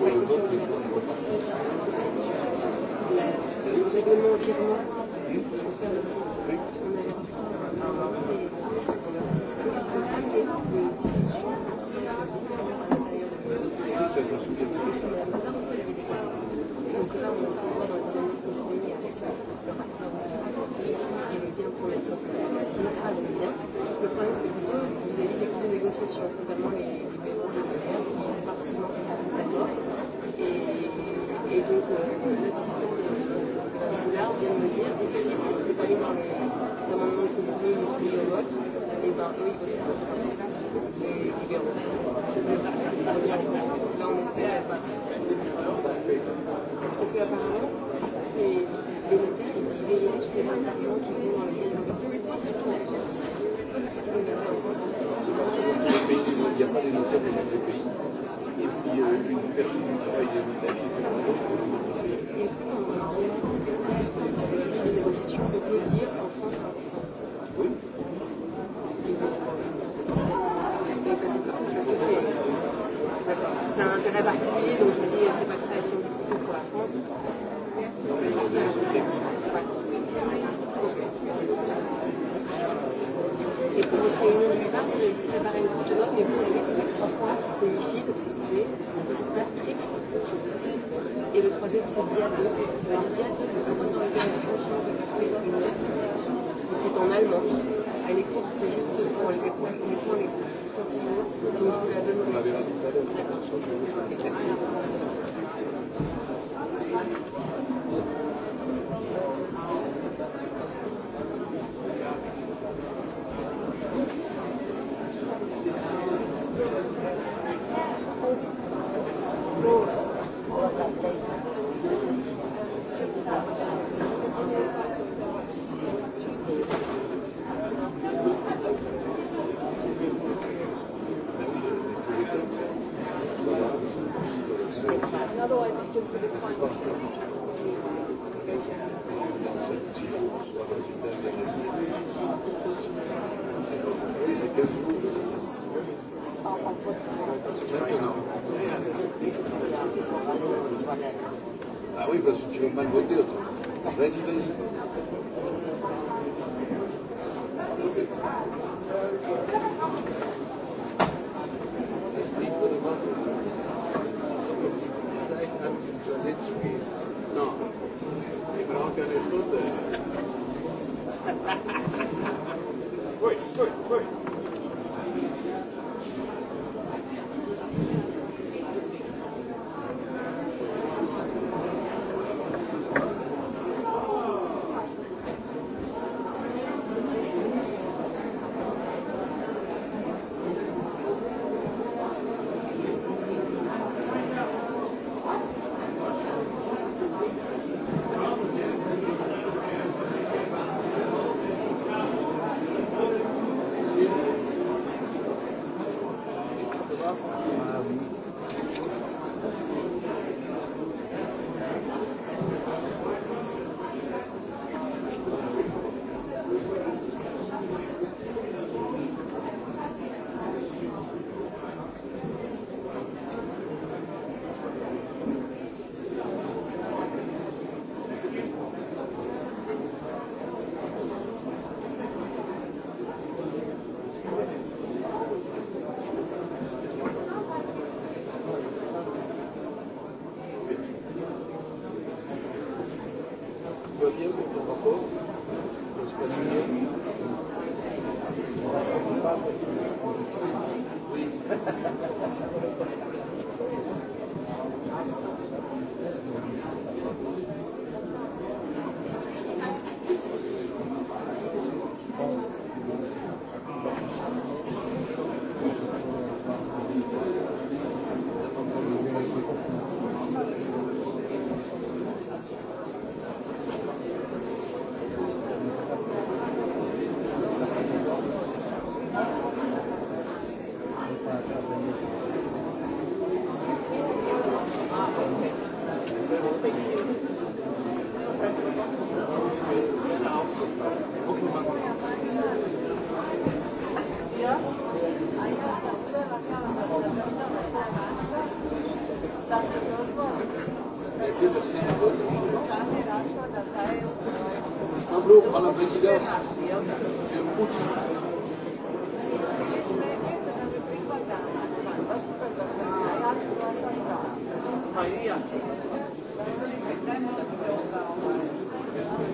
après une question de règlement, qui est vraiment transfert de par la présidence en août.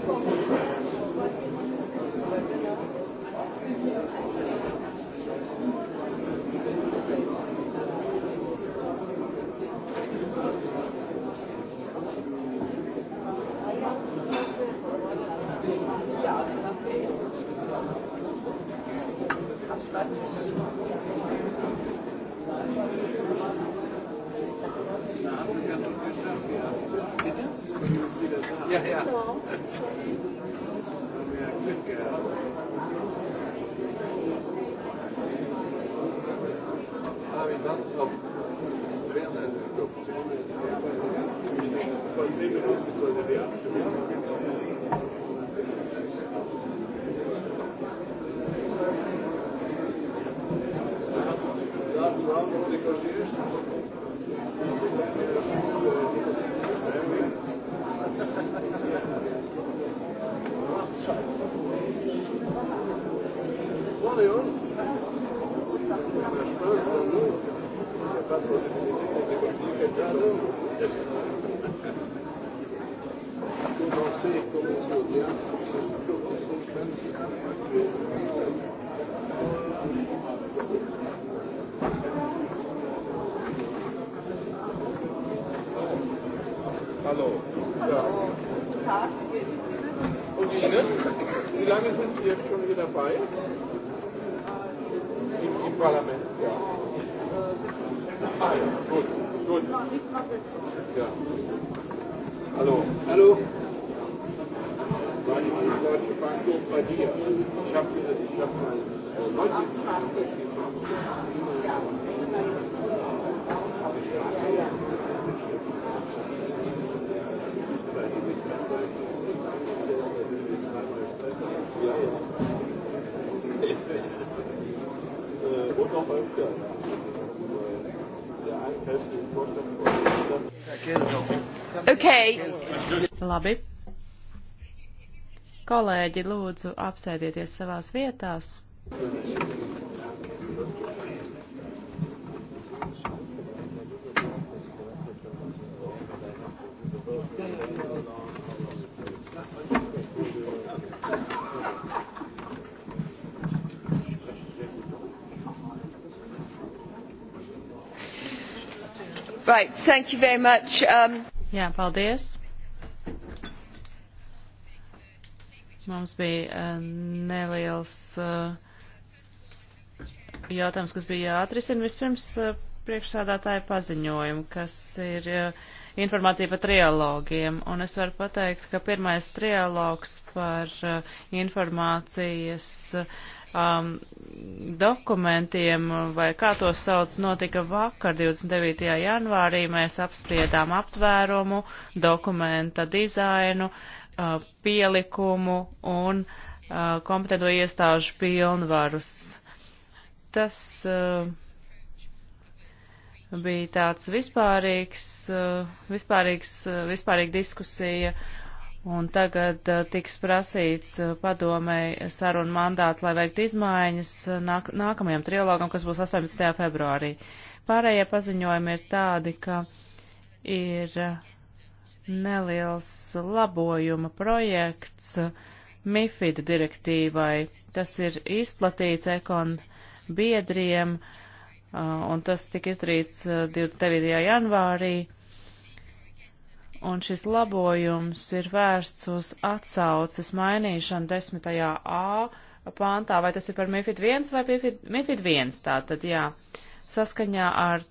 Thank you. Ja, ja. Ja, Glück gehabt. Aber ich dachte auf Werner, ich glaube, von 10 Minuten sollte die 8 Minuten. Hallo. Ja. Guten Tag. Und Ihnen? Wie lange sind Sie jetzt schon hier dabei? Im, im Parlament, ja. Ah, äh, ja. Gut, gut. Ja. Hallo. Hallo war die Süddeutsche Bank so bei dir. Ich habe ich hab mal Leute Und auch öfter. Der Einkälte ist Vorstand von Okay.
Labi. Kolēģi, lūdzu, apsēdieties savās vietās.
Right, thank you very much. Um...
Jā, paldies. Mums bija eh, neliels eh, jautājums, kas bija jāatrisina vispirms eh, priekšsādātāja paziņojumu, kas ir informācija par trialogiem. Un es varu pateikt, ka pirmais trialogs par informācijas um, dokumentiem, vai kā to sauc, notika vakar, 29. janvārī. Mēs apspriedām aptvērumu, dokumenta dizainu. Uh, Uh, pielikumu un uh, kompetento iestāžu pilnvarus. Tas uh, bija tāds vispārīgs, vispārīgs, vispārīga diskusija, un tagad tiks prasīts padomei sarunu mandāts, lai veiktu izmaiņas nāk, nākamajam trilogam, kas būs 18. februārī. Pārējie paziņojumi ir tādi, ka ir uh, neliels labojuma projekts MIFID direktīvai. Tas ir izplatīts ekon biedriem, un tas tika izdarīts 29. janvārī. Un šis labojums ir vērsts uz atsauces mainīšanu 10. A pāntā, vai tas ir par MIFID 1 vai MIFID 1, tātad jā. Saskaņā ar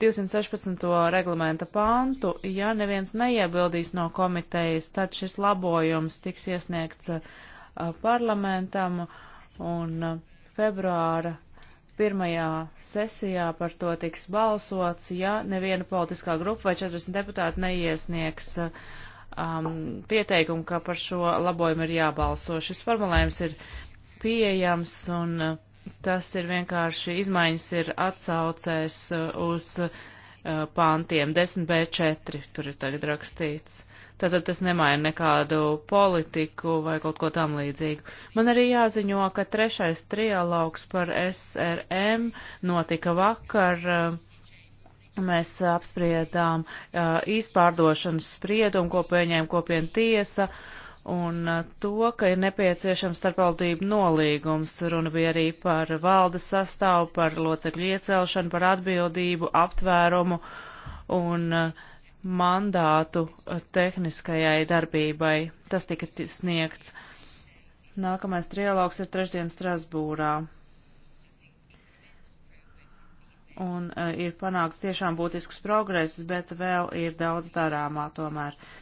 216. reglamenta pantu, ja neviens neiebildīs no komitejas, tad šis labojums tiks iesniegts uh, parlamentam un uh, februāra pirmajā sesijā par to tiks balsots, ja neviena politiskā grupa vai 40 deputāti neiesniegs uh, um, pieteikumu, ka par šo labojumu ir jābalso. Šis formulējums ir pieejams un uh, Tas ir vienkārši izmaiņas ir atsaucēs uh, uz uh, pāntiem 10b4, tur ir tagad rakstīts. Tātad tas nemaina nekādu politiku vai kaut ko tam līdzīgu. Man arī jāziņo, ka trešais trialogs par SRM notika vakar. Uh, mēs apspriedām īstpārdošanas spriedumu, ko pieņēma kopiena tiesa. Uh, un uh, to, ka ir nepieciešams starpvaldību nolīgums. Runa bija arī par valdes sastāvu, par locekļu iecelšanu, par atbildību, aptvērumu un uh, mandātu uh, tehniskajai darbībai. Tas tika sniegts. Nākamais trialogs ir trešdien Strasbūrā. Un uh, ir panākts tiešām būtisks progress, bet vēl ir daudz darāmā tomēr. Uh,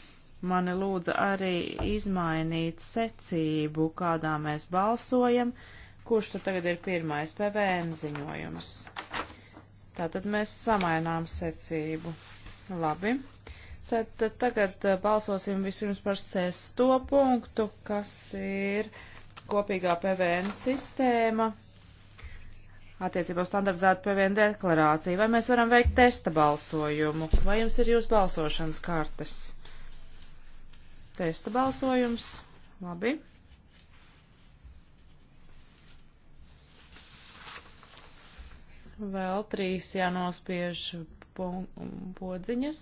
mani lūdza arī izmainīt secību, kādā mēs balsojam, kurš tad tagad ir pirmais PVN ziņojums. Tātad mēs samainām secību. Labi. Tad, tad tagad eh, balsosim vispirms par sesto punktu, kas ir kopīgā PVN sistēma attiecībā uz standardizētu PVN deklarāciju. Vai mēs varam veikt testa balsojumu? Vai jums ir jūsu balsošanas kartes? Testa balsojums. Labi. Vēl trīs jānospiež podziņas.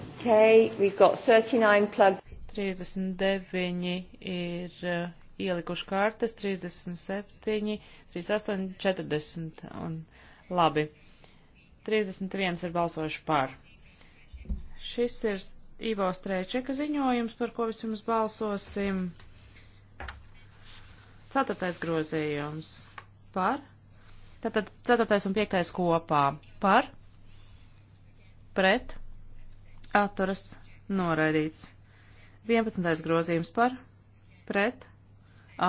Okay, we've got 39 plug. 39
ir uh, ielikuši kartes, 37, 38, 40 un labi. 31 ir balsojuši par. Šis ir Ivo Strēčika ziņojums, par ko vispirms balsosim. Ceturtais grozījums par. Tātad ceturtais un piektais kopā par. Pret. Atturas. Noraidīts. 11. grozījums par, pret,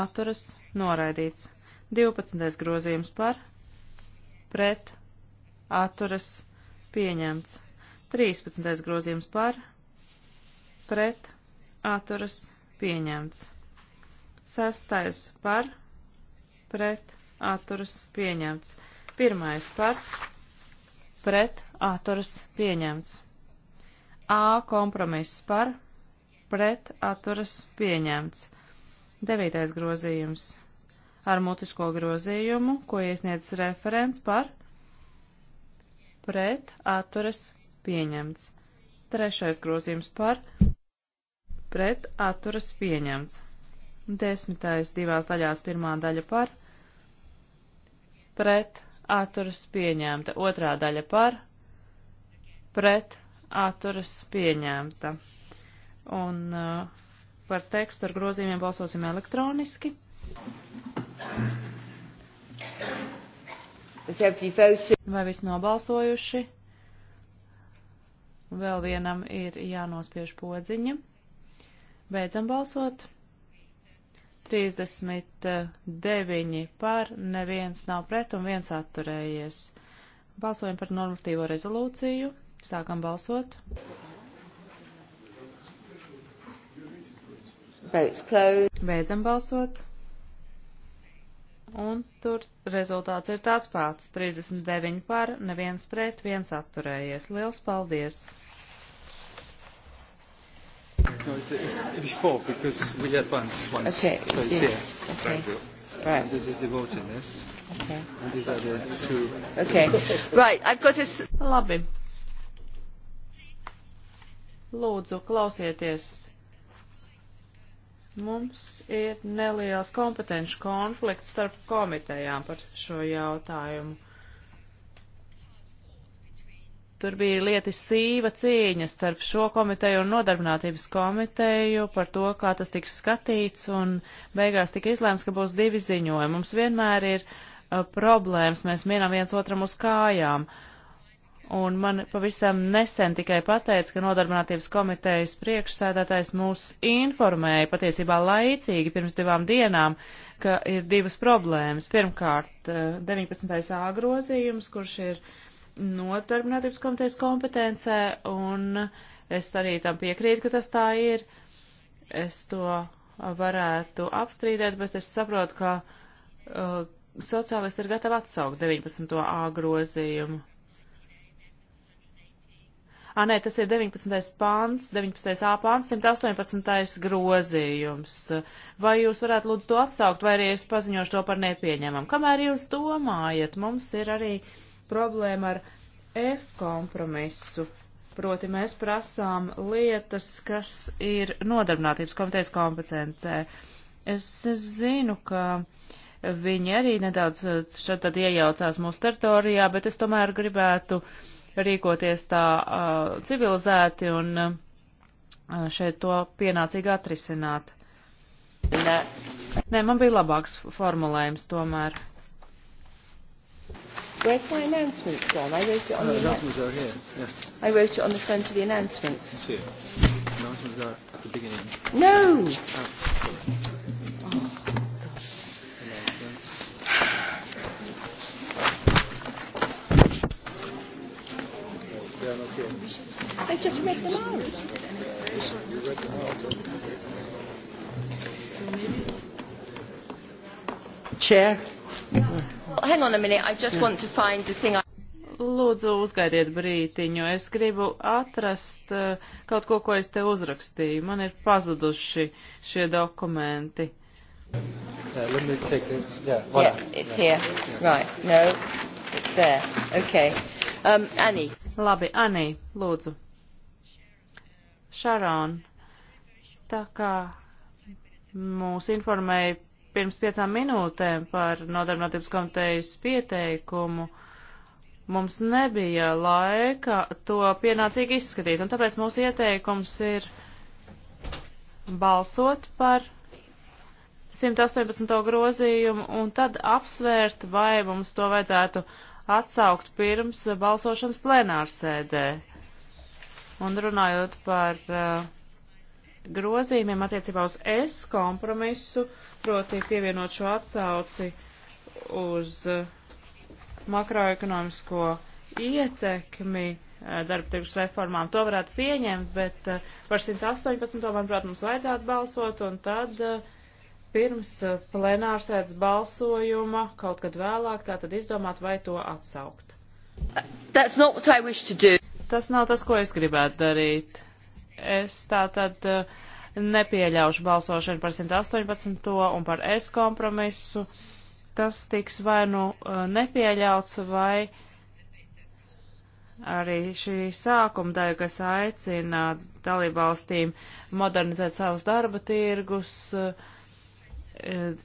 atturas, noraidīts. 12. grozījums par, pret, atturas, pieņemts. 13. grozījums par, pret atturas pieņemts. Sestais par pret atturas pieņemts. Pirmais par pret atturas pieņemts. A kompromiss par pret atturas pieņemts. Devītais grozījums ar mutisko grozījumu, ko iesniedz referents par pret atturas pieņemts. Trešais grozījums par pret pret atturas pieņemts. Desmitais divās daļās pirmā daļa par, pret atturas pieņemta, otrā daļa par, pret atturas pieņemta. Un uh, par tekstu ar grozījumiem balsosim elektroniski. Vai viss nobalsojuši? Vēl vienam ir jānospiež podziņa. Beidzam balsot. 39 par, neviens nav pret un viens atturējies. Balsojam par normatīvo rezolūciju. Sākam balsot.
Beidzam balsot.
Un tur rezultāts ir tāds pats - 39 par, neviens pret, viens atturējies. Liels paldies!
No, it's, it's before, because we had once, once. Okay. So it's yes. here. Okay. Thank you.
Right. And this is the voting list. Okay. And these are the two. Okay. right, I've got this. Labi.
Lūdzu, klausieties. Mums ir neliels kompetenci konflikts starp komitejām par šo jautājumu. Tur bija lieti sīva cīņa starp šo komiteju un nodarbinātības komiteju par to, kā tas tiks skatīts, un beigās tika izlēms, ka būs divi ziņojumi. Mums vienmēr ir uh, problēmas, mēs vienam viens otram uz kājām. Un man pavisam nesen tikai pateica, ka nodarbinātības komitejas priekšsēdētājs mūs informēja patiesībā laicīgi pirms divām dienām, ka ir divas problēmas. Pirmkārt, uh, 19. A grozījums, kurš ir uh, nodarbinātības komitejas kompetencē, un es arī tam piekrītu, ka tas tā ir. Es to varētu apstrīdēt, bet es saprotu, ka uh, sociālisti ir gatavi atsaukt 19. A grozījumu. Ā, nē, tas ir 19. pāns, 19. A pāns, 118. grozījums. Vai jūs varētu lūdzu to atsaukt, vai arī es paziņošu to par nepieņemam? Kamēr jūs domājat, mums ir arī uh, problēma ar F kompromisu. Proti mēs prasām lietas, kas ir nodarbinātības komitejas kompetencē. Es zinu, ka viņi arī nedaudz eh, šeit tad iejaucās mūsu teritorijā, bet es tomēr gribētu rīkoties tā uh, civilizēti un uh, šeit to pienācīgi atrisināt. Nē. Nē, man bija labāks formulējums tomēr.
Where's my announcements gone? I wrote it on no, uh, the announcements are here. Yeah. I wrote it on the front of the announcements. It's here. The announcements are at the beginning. No. Oh, sorry. Oh, announcements. They are not here. I just read them out. You read them out. So maybe. Chair. Yeah. Hang on a minute, I just want to find the thing I...
Lūdzu, uzgaidiet brītiņu. Es gribu atrast uh, kaut ko, ko es te uzrakstīju. Man ir pazuduši šie dokumenti. Yeah,
uh, let me take it. Yeah, voilà. yeah it's yeah. here. Yeah. Right.
No, it's there. Okay. Um, Annie. Labi, Annie, lūdzu. Sharon, tā kā mūs informēja pirms piecām minūtēm par nodarbinātības komitejas pieteikumu, mums nebija laika to pienācīgi izskatīt, un tāpēc mūsu ieteikums ir balsot par 118. grozījumu un tad apsvērt, vai mums to vajadzētu atsaukt pirms balsošanas plenārsēdē. Un runājot par uh, grozījumiem attiecībā uz S kompromisu, proti pievienot šo atsauci uz eh, makroekonomisko ietekmi eh, darba tirgus reformām. To varētu pieņemt, bet eh, par 118. manuprāt mums vajadzētu balsot un tad pirms plenārsēdes balsojuma kaut kad vēlāk tātad izdomāt, vai to atsaukt.
Tas nav tas,
ko es gribētu darīt. Es tātad eh, nepieļaušu balsošanu par 118. un par S kompromisu. Tas tiks vai nu eh, nepieļauts, vai arī šī sākuma daļa, kas aicina dalībvalstīm modernizēt savus darba tirgus, eh,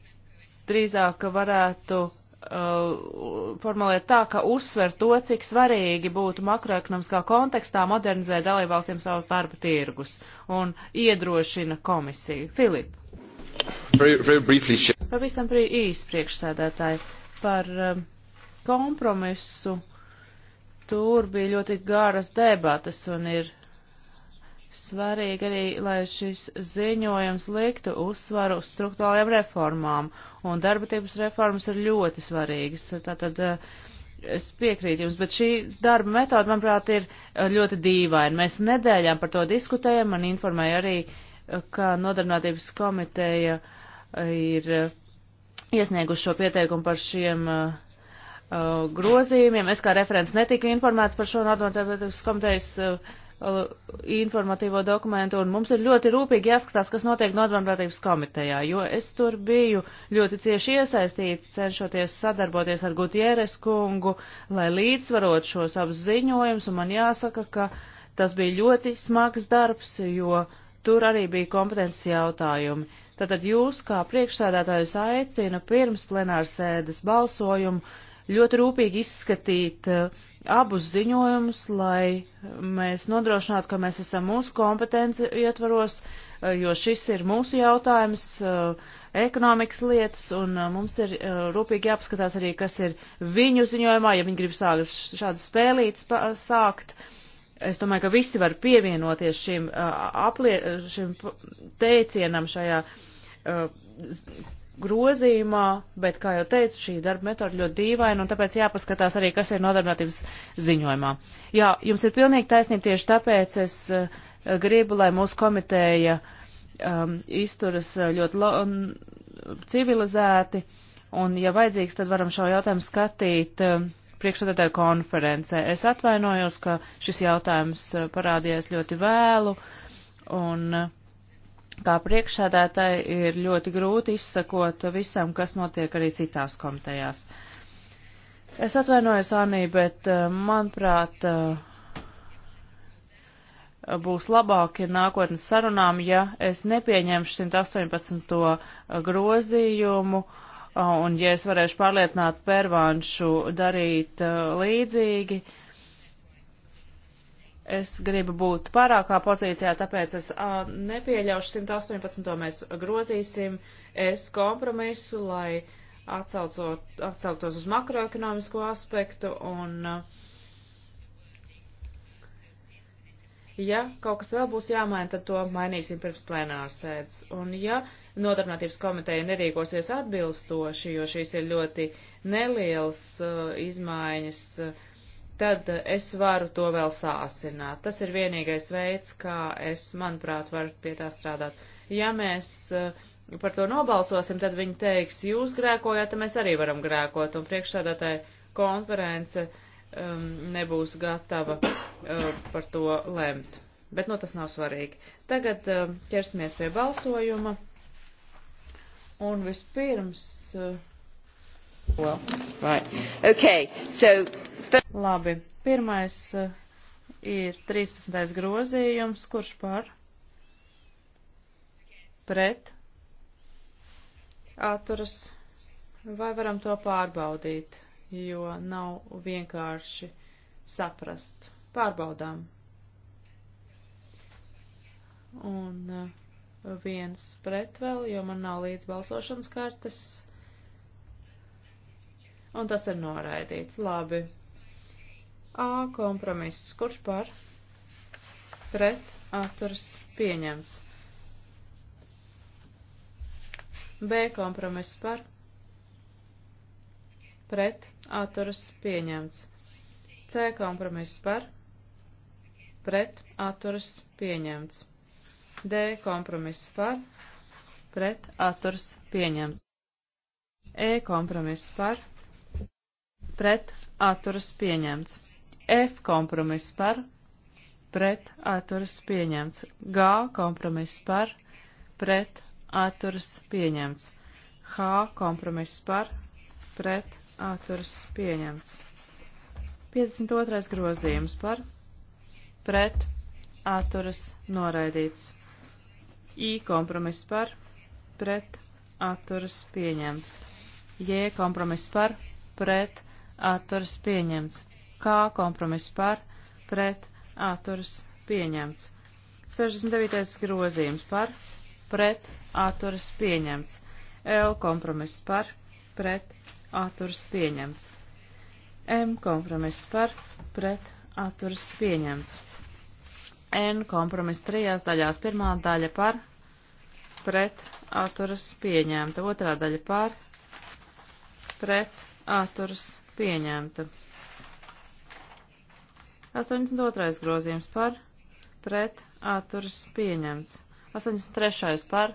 drīzāk varētu uh, formulēt tā, ka uzsver to, cik svarīgi būtu makroekonomiskā kontekstā modernizēt dalībvalstiem savus darba tirgus un iedrošina komisiju. Filip. Pavisam īsi priekšsēdētāji par uh, kompromisu. Tur bija ļoti garas debatas un ir svarīgi arī, lai šis ziņojums liktu uzsvaru uz struktūrālajām reformām, un darba tirgus reformas ir ļoti svarīgas. Tātad eh, es piekrītu jums, bet šī darba metoda, manuprāt, ir eh, ļoti dīvaina. Mēs nedēļām par to diskutējam, man informēja arī, eh, ka nodarbinātības komiteja ir iesnieguši šo pieteikumu par šiem uh, grozījumiem. Es kā referents netiku informēts par šo nodarbinātības komitejas uh, Uh, informatīvo dokumentu, un mums ir ļoti rūpīgi jāskatās, kas notiek Nodarbinātības komitejā, jo es tur biju ļoti cieši iesaistīts, cenšoties sadarboties ar Gutieres kungu, lai līdzvarot šos abus ziņojumus, un man jāsaka, ka tas bija ļoti smags darbs, jo tur arī bija kompetences jautājumi. Tātad jūs, kā priekšsēdētājus, aicinu pirms plenārsēdes balsojumu ļoti rūpīgi izskatīt uh, abus ziņojumus, lai mēs nodrošinātu, ka mēs esam mūsu kompetenci ietvaros, eh, jo šis ir mūsu jautājums, eh, ekonomikas lietas, un eh, mums ir rūpīgi jāpaskatās arī, kas ir viņu ziņojumā, ja viņi grib sākt šādas spēlītas sākt. Es domāju, ka visi var pievienoties šim, aplie, šim teicienam šajā grozījumā, bet, kā jau teicu, šī darba metoda ļoti dīvaina, un tāpēc jāpaskatās arī, kas ir nodarbinātības ziņojumā. Jā, jums ir pilnīgi taisnība, tieši tāpēc es eh, gribu, lai mūsu komiteja um, izturas eh, ļoti lo, um, civilizēti, un, ja vajadzīgs, tad varam šo jautājumu skatīt. Um, priekšsēdētāju konferencē. Es atvainojos, ka šis jautājums parādījās ļoti vēlu, un uh, kā priekšsēdētāji ir ļoti grūti izsakot visam, kas notiek arī citās komitejās. Es atvainojos, Anī, bet eh, manuprāt, eh, būs labāk ir nākotnes sarunām, ja es nepieņemšu 118. grozījumu eh, un ja es varēšu pārliecināt pervānšu darīt līdzīgi. Uh, es gribu būt pārākā pozīcijā, tāpēc es a, nepieļaušu 118. mēs grozīsim es kompromisu, lai atsaucot, atsauktos uz makroekonomisko aspektu un a, ja kaut kas vēl būs jāmaina, tad to mainīsim pirms plenāras sēdes. Un ja nodarbinātības komiteja nerīkosies atbilstoši, jo šīs ir ļoti nelielas uh, izmaiņas, uh, tad es varu to vēl sāsināt. Tas ir vienīgais veids, kā es, manuprāt, varu pie tā strādāt. Ja mēs eh, par to nobalsosim, tad viņi teiks, jūs grēkojat, mēs arī varam grēkot, un priekšsādātāja konference um, nebūs gatava um, par to lemt. Bet, nu, tas nav svarīgi. Tagad um, ķersimies pie balsojuma. Un vispirms. Uh,
well, right. Okay,
so Labi, pirmais eh, ir 13. grozījums, kurš par pret atturas, vai varam to pārbaudīt, jo nav vienkārši saprast. Pārbaudām. Un eh, viens pret vēl, jo man nav līdz balsošanas kartes. Un tas ir noraidīts. Labi. A kompromiss. Kurš par? Pret atturas pieņemts. B kompromiss par? Pret atturas pieņemts. C kompromiss par? Pret atturas pieņemts. D kompromiss par, pret atturs pieņemts. E kompromiss par, pret atturs pieņemts. F kompromiss par, pret atturas pieņemts. G kompromiss par, pret atturas pieņemts. H kompromiss par, pret atturas pieņemts. 52. grozījums par, pret atturas noraidīts. I kompromiss par, pret atturas pieņemts. J kompromiss par, pret atturas pieņemts kā kompromiss par, pret, atturas pieņemts. 69. grozījums par, pret, atturas pieņemts. L kompromiss par, pret, atturas pieņemts. M kompromiss par, pret, atturas pieņemts. N kompromiss trijās daļās. Pirmā daļa par, pret, atturas pieņemta. Otrā daļa par, pret, atturas pieņemta. 82. grozījums par, pret, atturas pieņemts. 83. par,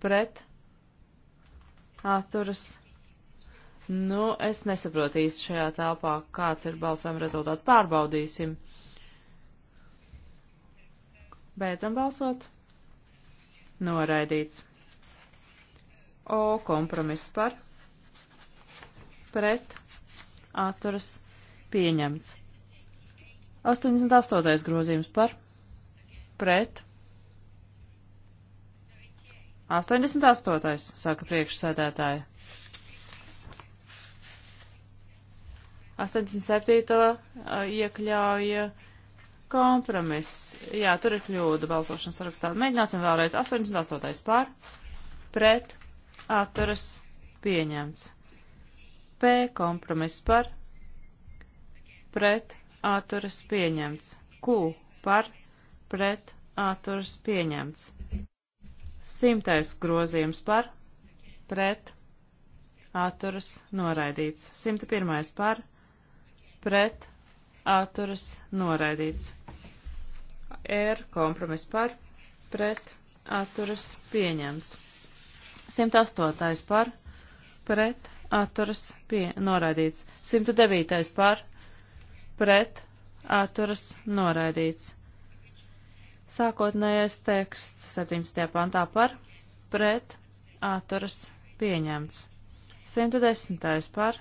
pret, atturas. Nu, es nesaprotu īsti šajā telpā, kāds ir balsojuma rezultāts. Pārbaudīsim. Beidzam balsot. Noraidīts. O kompromiss par, pret, atturas pieņemts. 88. grozījums par pret. 88. saka priekšsēdētāja. 87. iekļauja kompromiss. Jā, tur ir kļūda balsošanas sarakstā. Mēģināsim vēlreiz. 88. pār, pret, atturas, pieņemts. P kompromiss par, pret, atturas pieņemts. Q par pret atturas pieņemts. Simtais grozījums par pret atturas noraidīts. 101. par pret atturas noraidīts. R kompromis par pret atturas pieņemts. 108. par pret atturas pie, noraidīts. 109. par pret atturas noraidīts. Sākotnējais teksts 17. pantā par pret atturas pieņemts. 110. par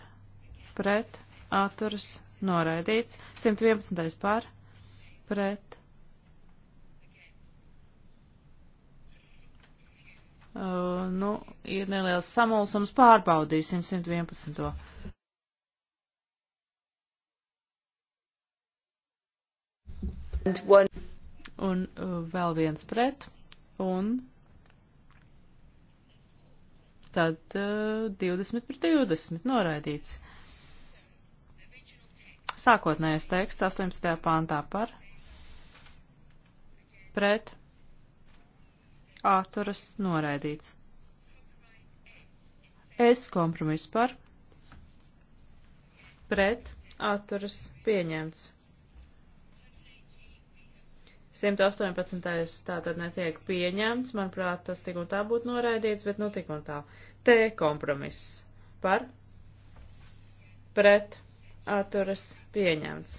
pret atturas noraidīts. 111. par pret. Uh, nu, ir neliels samulsums pārbaudīsim 111. Un uh, vēl viens pret. Un tad uh, 20 pret 20 noraidīts. Sākotnējais teksts 18. pāntā par pret atturas noraidīts. Es kompromiss par pret atturas pieņemts. 118. tātad netiek pieņemts, manuprāt, tas tik un tā būtu noraidīts, bet nu tik un tā. T kompromiss par, pret, atturas pieņemts.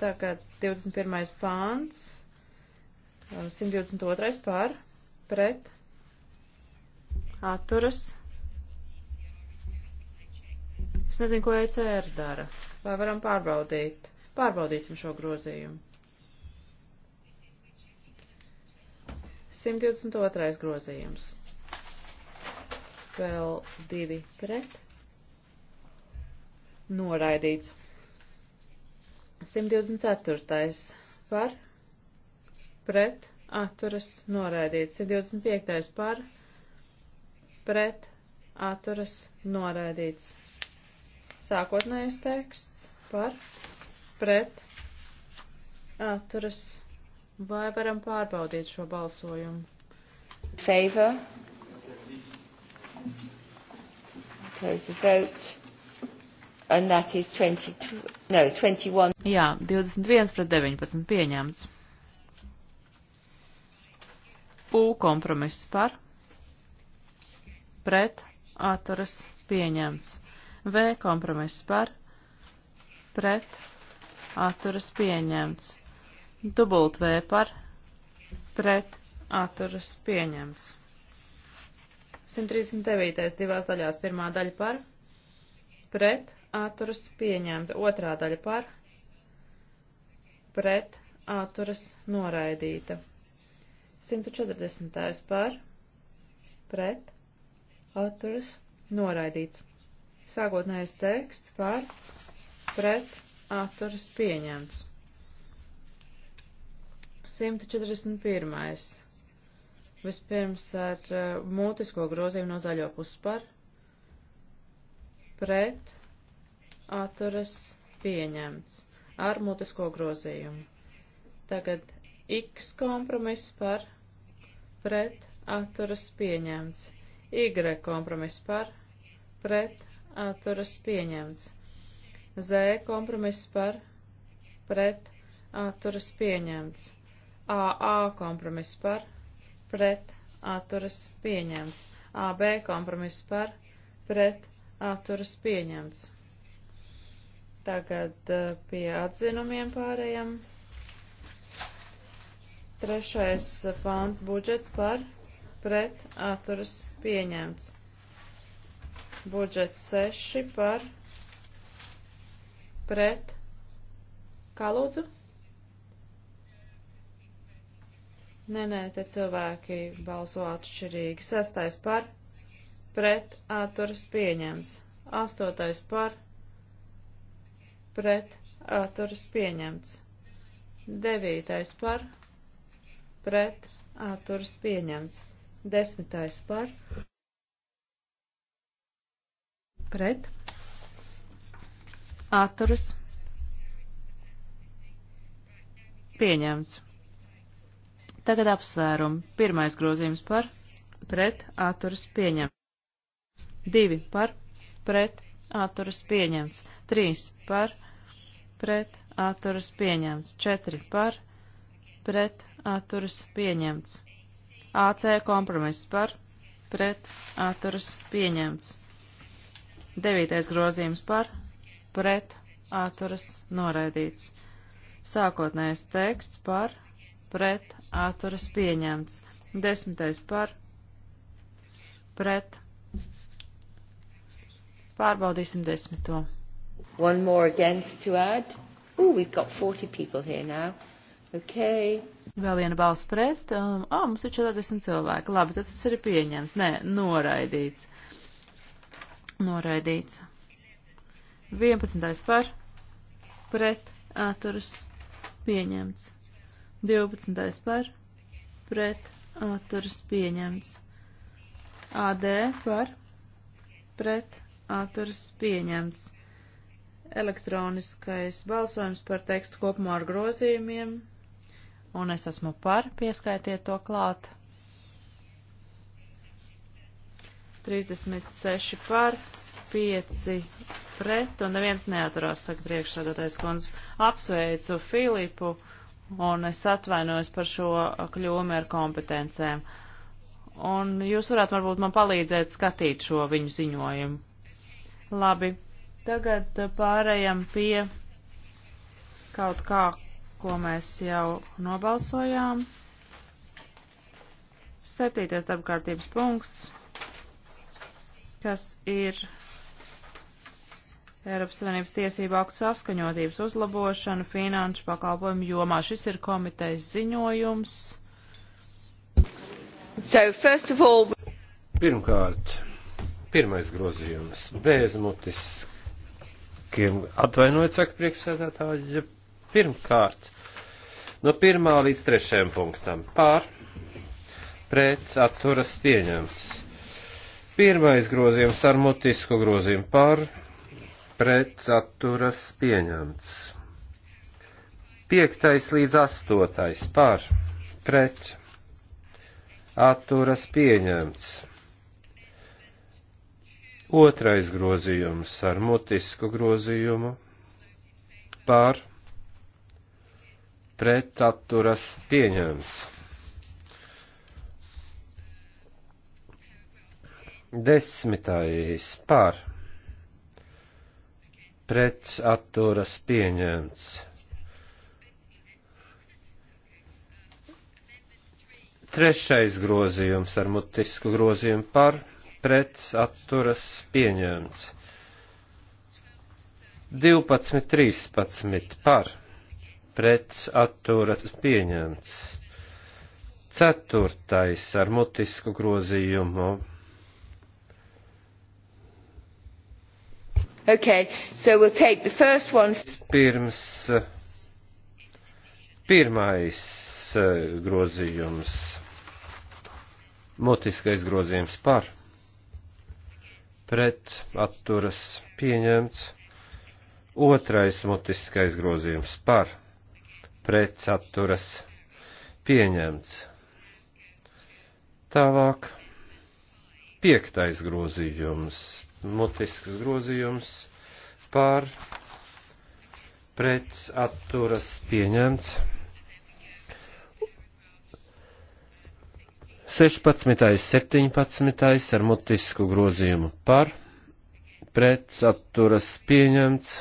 Tagad 21. pāns, 122. par, pret, atturas. Es nezinu, ko ECR dara. Vai varam pārbaudīt? Pārbaudīsim šo grozījumu. 122. grozījums. Vēl divi pret. Noraidīts. 124. par. Pret. Atturas. Noraidīts. 125. par. Pret. Atturas. Noraidīts. Sākotnējais teksts par. Pret. Atturas. Noraidīts Vai varam pārbaudīt šo balsojumu?
Favor.
Close the vote. And that is 22, no, 21. Jā, 21 pret 19
pieņemts. U kompromiss par, pret, atturas pieņemts. V kompromiss par, pret, atturas pieņemts dubult V par pret atturas pieņemts. 139. divās daļās pirmā daļa par, pret atturas pieņemta, otrā daļa par, pret atturas noraidīta. 140. par, pret atturas noraidīts. Sākotnējais teksts par, pret atturas pieņemts. 141. Vispirms ar uh, mūtisko grozījumu no zaļo puspar. Pret atturas pieņemts ar mutisko grozījumu. Tagad X kompromiss par pret atturas pieņemts. Y kompromiss par pret atturas pieņemts. Z kompromiss par pret atturas pieņemts. AA kompromiss par, pret, atturas pieņemts. AB kompromiss par, pret, atturas pieņemts. Tagad eh, pie atzinumiem pārējām. Trešais eh, pāns budžets par, pret, atturas pieņemts. Budžets 6 par, pret, kā lūdzu? Nē, nē, te cilvēki balso atšķirīgi. Sestais par, pret, atturas pieņems. Astotais par, pret, atturas pieņemts. Devītais par, pret, atturas pieņemts. Desmitais par, pret, atturas pieņemts. Tagad apsvērumi. Pirmais grozījums par, pret, atturas pieņemts. Divi par, pret, atturas pieņemts. Trīs par, pret, atturas pieņemts. Četri par, pret, atturas pieņemts. AC kompromiss par, pret, atturas pieņemts. Devītais grozījums par, pret, atturas noraidīts. Sākotnējais teksts par, pret, pret atturas pieņemts. Desmitais par
pret. Pārbaudīsim desmito. One more against to add. Ooh, we've got 40 people here now.
Okay. Vēl viena balss pret. Um, oh, mums ir 40 cilvēki. Labi, tad tas ir pieņemts. Nē, noraidīts. Noraidīts. 11. par pret atturas pieņemts. 12. par pret atturas pieņemts. AD par pret atturas pieņemts. Elektroniskais balsojums par tekstu kopumā ar grozījumiem. Un es esmu par, pieskaitiet to klāt. 36 par, 5 pret, un neviens neaturās, saka priekšsādātais kundze. Apsveicu Filipu un es atvainojos par šo kļūmi ar kompetencēm. Un jūs varētu varbūt man palīdzēt skatīt šo viņu ziņojumu. Labi, tagad pārējam pie kaut kā, ko mēs jau nobalsojām. Septītais darbkārtības punkts, kas ir Eiropas Savienības tiesību aktu saskaņotības uzlabošanu finanšu pakalpojumu jomā. Šis ir komitejas ziņojums. So, all...
Pirmkārt, pirmais grozījums bez mutiskiem atvainojiet, saka priekšsēdētāji. Pirmkārt, no pirmā līdz trešajam punktam pār pret atturas pieņemts. Pirmais grozījums ar mutisku grozījumu pār pret atturas pieņemts. Piektais līdz astotais par pret atturas pieņemts. Otrais grozījums ar mutisku grozījumu par pret atturas pieņemts. Desmitais par pret atturas pieņemts. Trešais grozījums ar mutisku grozījumu par pret atturas pieņemts. 12.13 par pret atturas pieņemts. Ceturtais ar mutisku grozījumu
Okay, so we'll take the first one.
Pirms, pirmais eh, grozījums, mutiskais grozījums par, pret, atturas, pieņemts. Otrais mutiskais grozījums par, pret, atturas, pieņemts. Tālāk, piektais grozījums mutisks grozījums pār pret atturas pieņemts. 16. 17. ar mutisku grozījumu par pret atturas pieņemts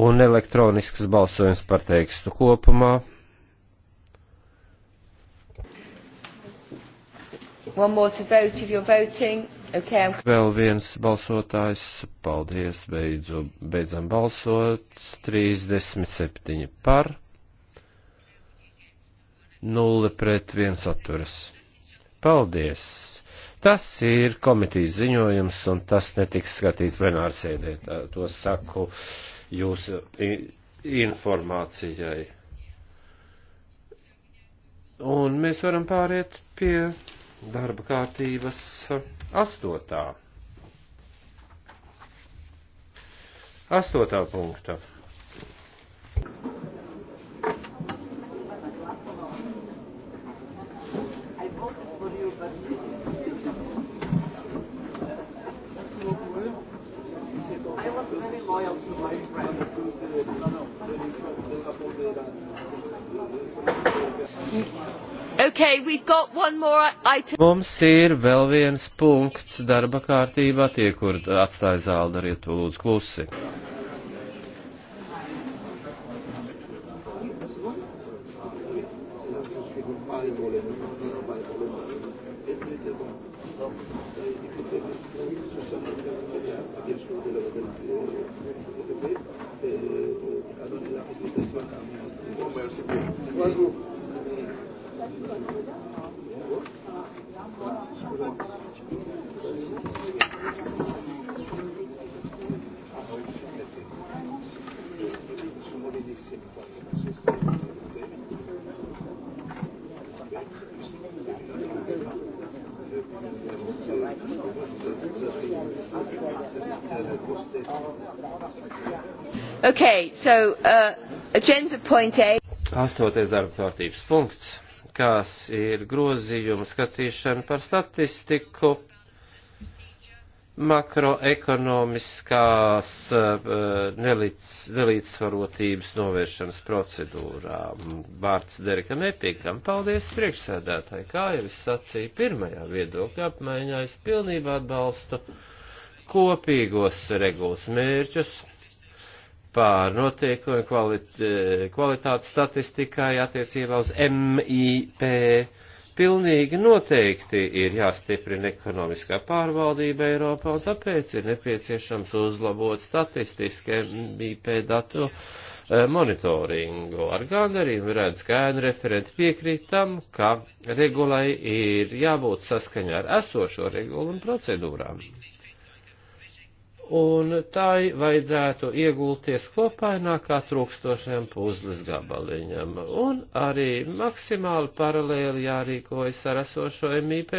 un elektronisks balsojums par tekstu kopumā.
One more to vote if you're voting. Okay.
Vēl viens balsotājs. Paldies, beidzu, beidzam balsot. 37 par. 0 pret 1 atturas. Paldies! Tas ir komitīs ziņojums, un tas netiks skatīts plenārsēdē. To saku jūsu informācijai. Un mēs varam pāriet pie darba kārtības astotā. Astotā punkta. Okay, Mums ir vēl viens punkts darba kārtībā, tie, kur atstāja zāli, dariet to lūdzu klusi. Astoties darba kārtības punkts, kas ir grozījuma skatīšana par statistiku makroekonomiskās eh, nelīdz, nelīdzsvarotības novēršanas procedūrā. Vārds Derekam Epikam. Paldies priekšsēdētāji. Kā jau es sacīju pirmajā viedokļa apmaiņā, es pilnībā atbalstu kopīgos regulas mērķus pār notiekumu kvalit kvalitātes statistikai attiecībā uz MIP. Pilnīgi noteikti ir jāstiprina ekonomiskā pārvaldība Eiropā, un tāpēc ir nepieciešams uzlabot statistiski MIP datu e, monitoringu. Ar gandarījumu redz, ka ēnu referenti piekrīt tam, ka regulai ir jābūt saskaņā ar esošo regulu un procedūrām un tai vajadzētu iegulties kopainā kā trūkstošiem puzles gabaliņam, un arī maksimāli paralēli jārīkojas ar esošo MIP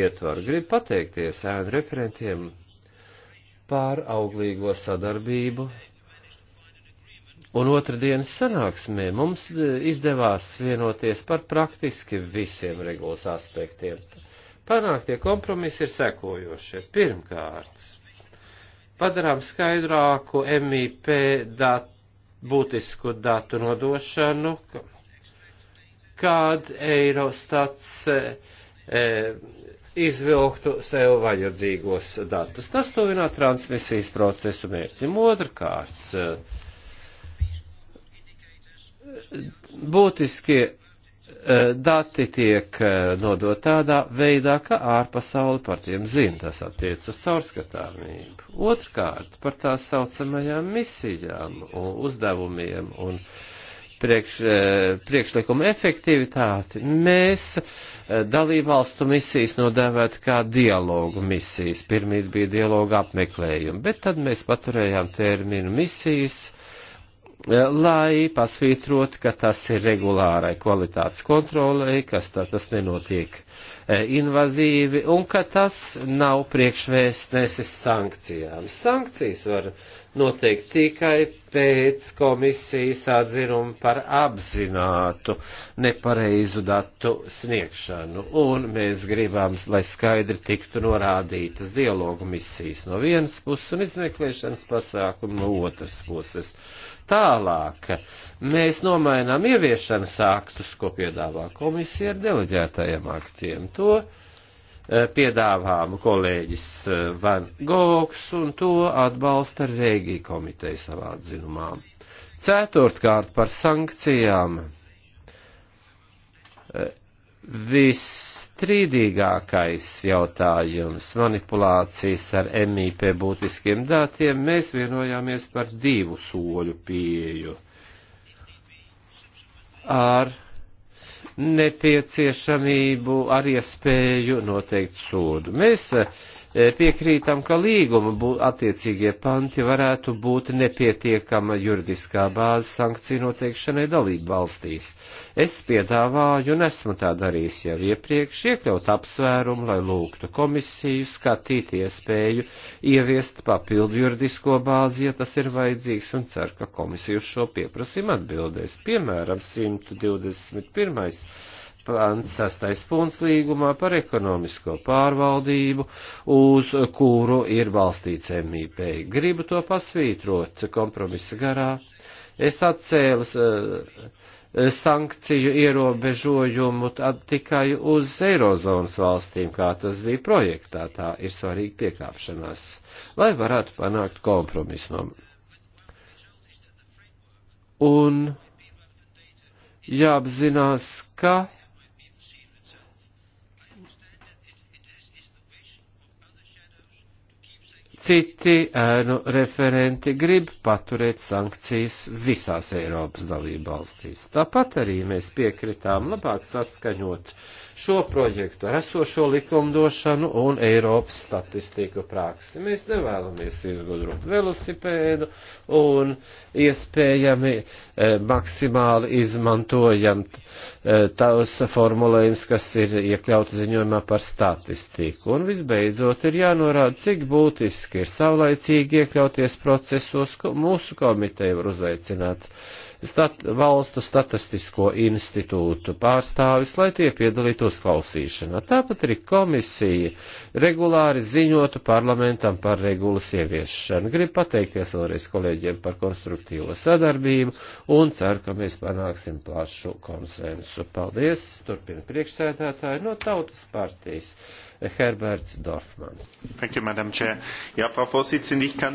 ietvaru. Gribu pateikties ēnu referentiem pār auglīgo sadarbību, un otrdienas sanāksmē mums e, izdevās vienoties par praktiski visiem regulas aspektiem. Panāktie kompromisi ir sekojošie. Pirmkārt, padarām skaidrāku MIP dat, būtisku datu nodošanu, kād Eirostats e, e, izvilktu sev vajadzīgos datus. Tas tuvinā transmisijas procesu mērķim. Otrkārt, e, būtiskie Eh, dati tiek eh, nodot tādā veidā, ka ārpasauli par tiem zina, tas attiec uz caurskatāmību. Otrkārt, par tā saucamajām misijām un uzdevumiem un priekš, eh, priekšlikuma efektivitāti, mēs dalībvalstu misijas nodēvētu kā dialogu misijas. Pirmīt bija dialoga apmeklējumi, bet tad mēs paturējām terminu misijas lai pasvītrot, ka tas ir regulārai kvalitātes kontrolei, kas tā tas nenotiek e, invazīvi un ka tas nav priekšvēstnesis sankcijām. Sankcijas var noteikt tikai pēc komisijas atzinuma par apzinātu nepareizu datu sniegšanu, un mēs gribam, lai skaidri tiktu norādītas dialogu misijas no vienas puses un izmeklēšanas pasākumu no otras puses. Uh, Tālāk mēs nomainām ieviešanas aktus, ko piedāvā komisija ar deleģētajiem aktiem. To eh, piedāvām kolēģis eh, Van Gogs un to atbalsta Rēgī komiteja savā atzinumā. Ceturtkārt par sankcijām eh, Visstrīdīgākais jautājums - manipulācijas ar MIP būtiskiem datiem - mēs vienojāmies par divu soļu pieju. Ar nepieciešamību, ar iespēju noteikt sodu. Mēs uh, E, piekrītam, ka līguma attiecīgie panti varētu būt nepietiekama juridiskā bāze sankciju noteikšanai dalību valstīs. Es piedāvāju un esmu tā darījis jau iepriekš iekļaut apsvērumu, lai lūgtu komisiju skatīt iespēju ieviest papildu juridisko bāzi, ja tas ir vajadzīgs, un ceru, ka komisija uz šo pieprasījumu atbildēs. Piemēram, 121 pants, sastais punkts līgumā par ekonomisko pārvaldību, uz kuru ir valstīts MIP. Gribu to pasvītrot kompromisa garā. Es atcēlu uh, eh, sankciju ierobežojumu tikai uz Eirozonas valstīm, kā tas bija projektā. Tā ir svarīga piekāpšanās, lai varētu panākt kompromisu no. Un jāapzinās, ka Citi ēnu referenti grib paturēt sankcijas visās Eiropas dalību valstīs. Tāpat arī mēs piekritām labāk saskaņot uh, šo projektu ar esošo likumdošanu un Eiropas statistiku praksi. Mēs nevēlamies izgudrot velosipēdu un iespējami e, maksimāli izmantojam e, tās formulējums, kas ir iekļauti ziņojumā par statistiku. Un visbeidzot ir jānorāda, cik būtiski ir savlaicīgi iekļauties procesos, ko mūsu komiteja var uzaicināt stat valstu statistisko institūtu pārstāvis, lai tie piedalītos klausīšanā. Tāpat arī komisija regulāri ziņotu parlamentam par regulas ieviešanu. Gribu pateikties vēlreiz kolēģiem par konstruktīvo sadarbību un ceru, ka mēs panāksim plašu konsensu. Paldies! Turpina priekšsēdētāji no Tautas partijas. Herberts Dorfmans. Ja,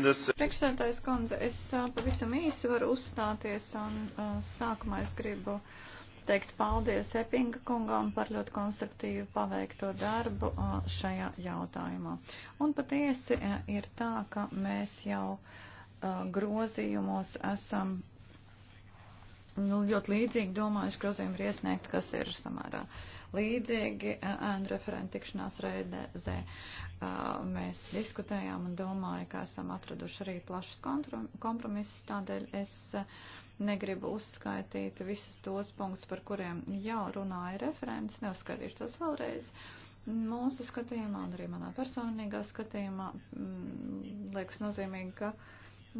das...
Priekšsēdētājs Konze, es pavisam īsi varu uzstāties un sākumā es gribu teikt paldies Epinga kungam par ļoti konstruktīvu paveikto darbu šajā jautājumā. Un patiesi ir tā, ka mēs jau grozījumos esam nu, ļoti līdzīgi domājuši, grozījumi ir iesniegti, kas ir samērā uh, Līdzīgi ēnu referenta tikšanās reizē mēs diskutējām un domāju, ka esam atraduši arī plašus kompromisus, tādēļ es negribu uzskaitīt visus tos punktus, par kuriem jau runāja referents, neuzskaitīšu tos vēlreiz. Mūsu skatījumā, un arī manā personīgā skatījumā, m, liekas nozīmīgi, ka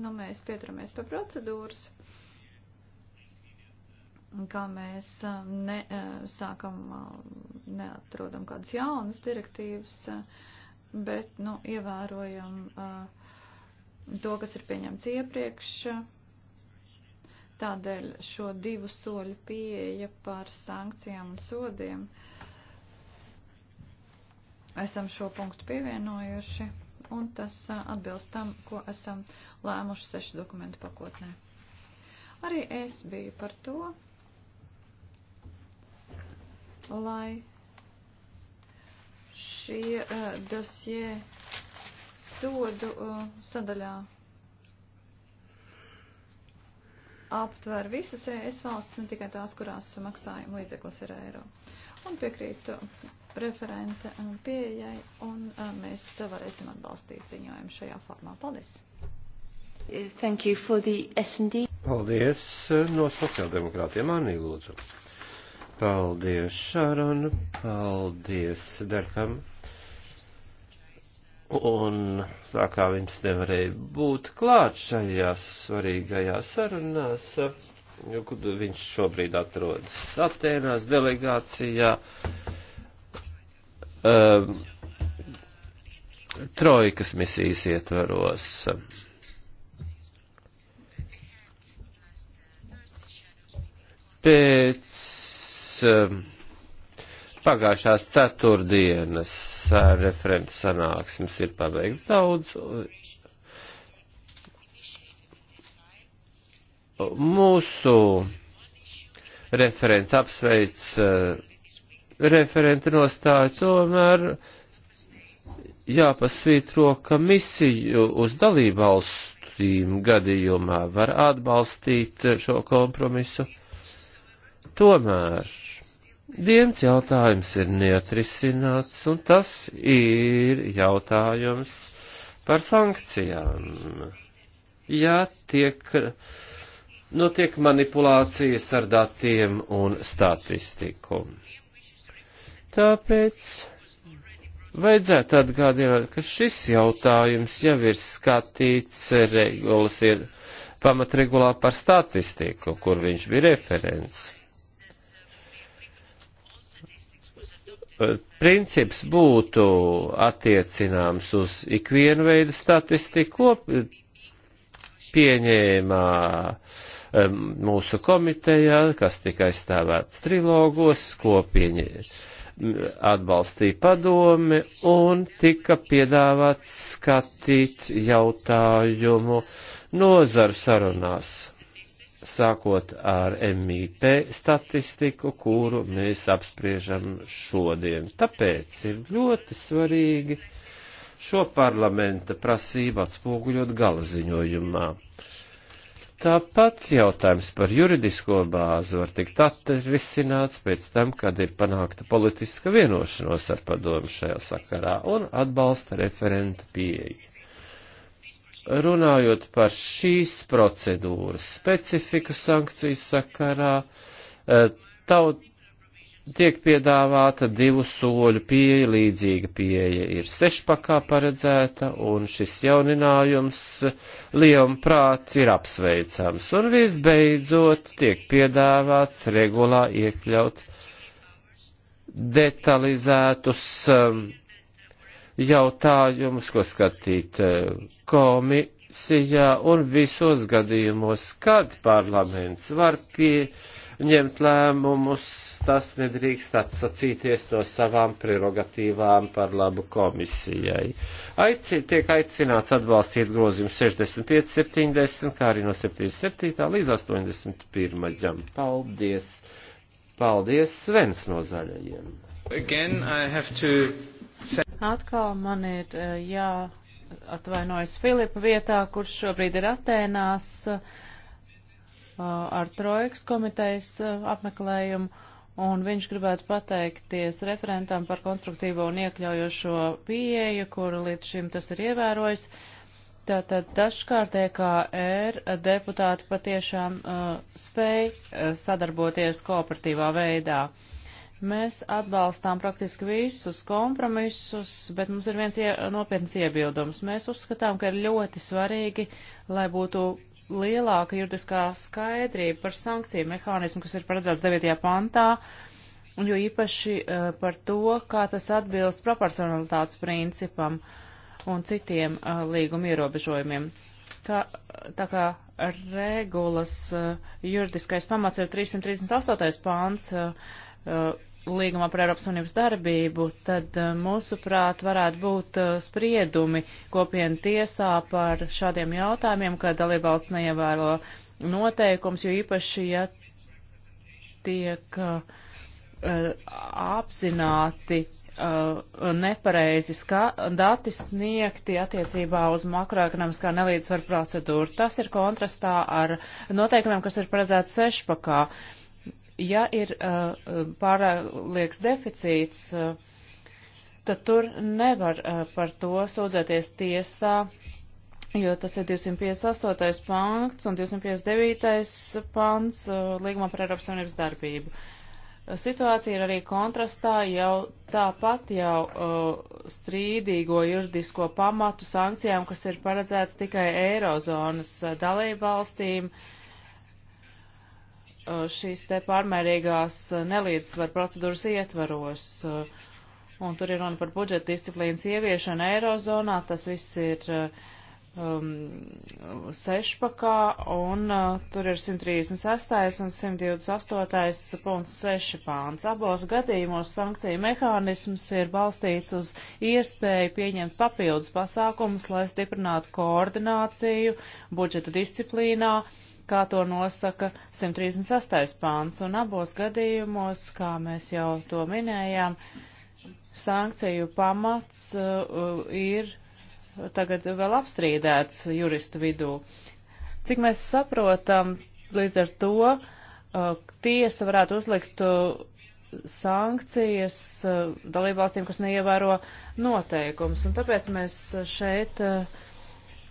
nu, mēs pieturamies pie procedūras. Uh, ka mēs ne, sākam, neatrodam kādas jaunas direktīvas, bet, nu, ievērojam to, kas ir pieņemts iepriekš. Tādēļ šo divu soļu pieeja par sankcijām un sodiem esam šo punktu pievienojuši, un tas atbilst tam, ko esam lēmuši sešu dokumentu pakotnē. Arī es biju par to, lai šie uh, dosie sodu uh, sadaļā aptver visas ES valstis, ne tikai tās, kurās maksājuma līdzeklis ir eiro. Un piekrītu eh, referente pieejai, un uh, mēs varēsim atbalstīt ziņojumu šajā formā. Paldies! Thank you for the S&D.
Paldies no sociāldemokrātiem, Anī Lūdzu. Paldies, Šaron, paldies, Darkam. Un tā kā viņš nevarēja būt klāt šajās svarīgajās sarunās, kur viņš šobrīd atrodas Atēnās delegācijā, um, trojkas misijas ietvaros. Pēc Um, pagājušās ceturtdienas referenta sanāksmes ir paveikts daudz. Mūsu referents apsveic uh, referenta nostāju, tomēr jāpasvītro, ka misiju uz dalībvalstīm gadījumā var atbalstīt šo kompromisu. Tomēr Viens jautājums ir neatrisināts, un tas ir jautājums par sankcijām. Jā, tiek, notiek nu, manipulācijas ar datiem un statistiku. Tāpēc vajadzētu atgādināt, ka šis jautājums jau ir skatīts regulas ir pamatregulā par statistiku, kur viņš bija referents Eh, princips būtu attiecināms uz ikvienu veidu statistiku, ko pieņēma mūsu komitejā, kas tika aizstāvēts trilogos, ko pieņēma atbalstīja padome un tika piedāvāts skatīt jautājumu nozaru sarunās sākot ar MIP statistiku, kuru mēs apspriežam šodien. Tāpēc ir ļoti svarīgi šo parlamenta prasību atspoguļot galaziņojumā. Tāpat jautājums par juridisko bāzi var tikt atrisināts pēc tam, kad ir panākta politiska vienošanos ar padomu šajā sakarā un atbalsta referentu pieeju. Runājot par šīs procedūras specifiku sankcijas sakarā, e, taut, tiek piedāvāta divu soļu pieeja, līdzīga pieeja ir sešpakā paredzēta, un šis jauninājums lielum prāts ir apsveicams. Un visbeidzot tiek piedāvāts regulā iekļaut detalizētus um, jautājumus, ko skatīt e, komisijā un visos gadījumos, kad parlaments var pieņemt lēmumus, tas nedrīkst atsacīties no savām prerogatīvām par labu komisijai. Aici, tiek aicināts atbalstīt grozījumu 65, 70, kā arī no 77 līdz 81. Paldies! Paldies, Svens no zaļajiem! Again, I have to
Atkal man ir eh, jāatvainojas Filipa vietā, kurš šobrīd ir Atēnās eh, ar Troikas komitejas eh, apmeklējumu, un viņš gribētu pateikties referentam par konstruktīvo un iekļaujošo pieeju, kuru līdz šim tas ir ievērojis. Tātad dažkārt EKR deputāti patiešām uh, spēj sadarboties kooperatīvā veidā. Uh, Mēs atbalstām praktiski visus kompromisus, bet mums ir viens ie, nopietns iebildums. Mēs uzskatām, ka ir ļoti svarīgi, lai būtu lielāka juridiskā skaidrība par sankciju mehānismu, kas ir paredzēts 9. pantā, un jo īpaši uh, par to, kā tas atbilst proporcionalitātes principam un citiem uh, līguma ierobežojumiem. Kā, tā kā regulas uh, juridiskais pamats ir 338. pāns, uh, līgumā par Eiropas Unības darbību, tad eh, mūsuprāt varētu būt eh, spriedumi kopienu tiesā par šādiem jautājumiem, ka dalībvalsts neievēro noteikums, jo īpaši, ja tiek uh, apzināti uh, nepareizi dati sniegti attiecībā uz makroekonomiskā nelīdzsvaru procedūru. Tas ir kontrastā ar noteikumiem, kas ir paredzēts sešpakā. Uh, ja ir uh, uh, pārlieks deficīts, uh, tad tur nevar uh, par to sūdzēties tiesā, jo tas ir 258. pants un 259. pants uh, līgumā par Eiropas Savienības darbību. Situācija ir arī kontrastā jau tāpat jau uh, strīdīgo juridisko pamatu sankcijām, kas ir paredzēts tikai Eirozonas uh, dalību valstīm. Uh, Uh, šīs te pārmērīgās uh, nelīdzsvar procedūras ietvaros. Uh, un tur ir runa par budžeta disciplīnas ieviešanu Eirozonā, tas viss ir um, sešpakā, un uh, tur ir 136. un 128. punkts 6 pāns. Abos gadījumos sankcija mehānisms ir balstīts uz iespēju pieņemt papildus pasākumus, lai stiprinātu koordināciju budžeta disciplīnā. Uh, kā to nosaka 136. pāns, un abos gadījumos, kā mēs jau to minējām, sankciju pamats uh, ir tagad vēl apstrīdēts juristu vidū. Cik mēs saprotam, līdz ar to uh, tiesa varētu uzlikt uh, sankcijas uh, dalībvalstīm, kas neievēro noteikums, un tāpēc mēs šeit uh,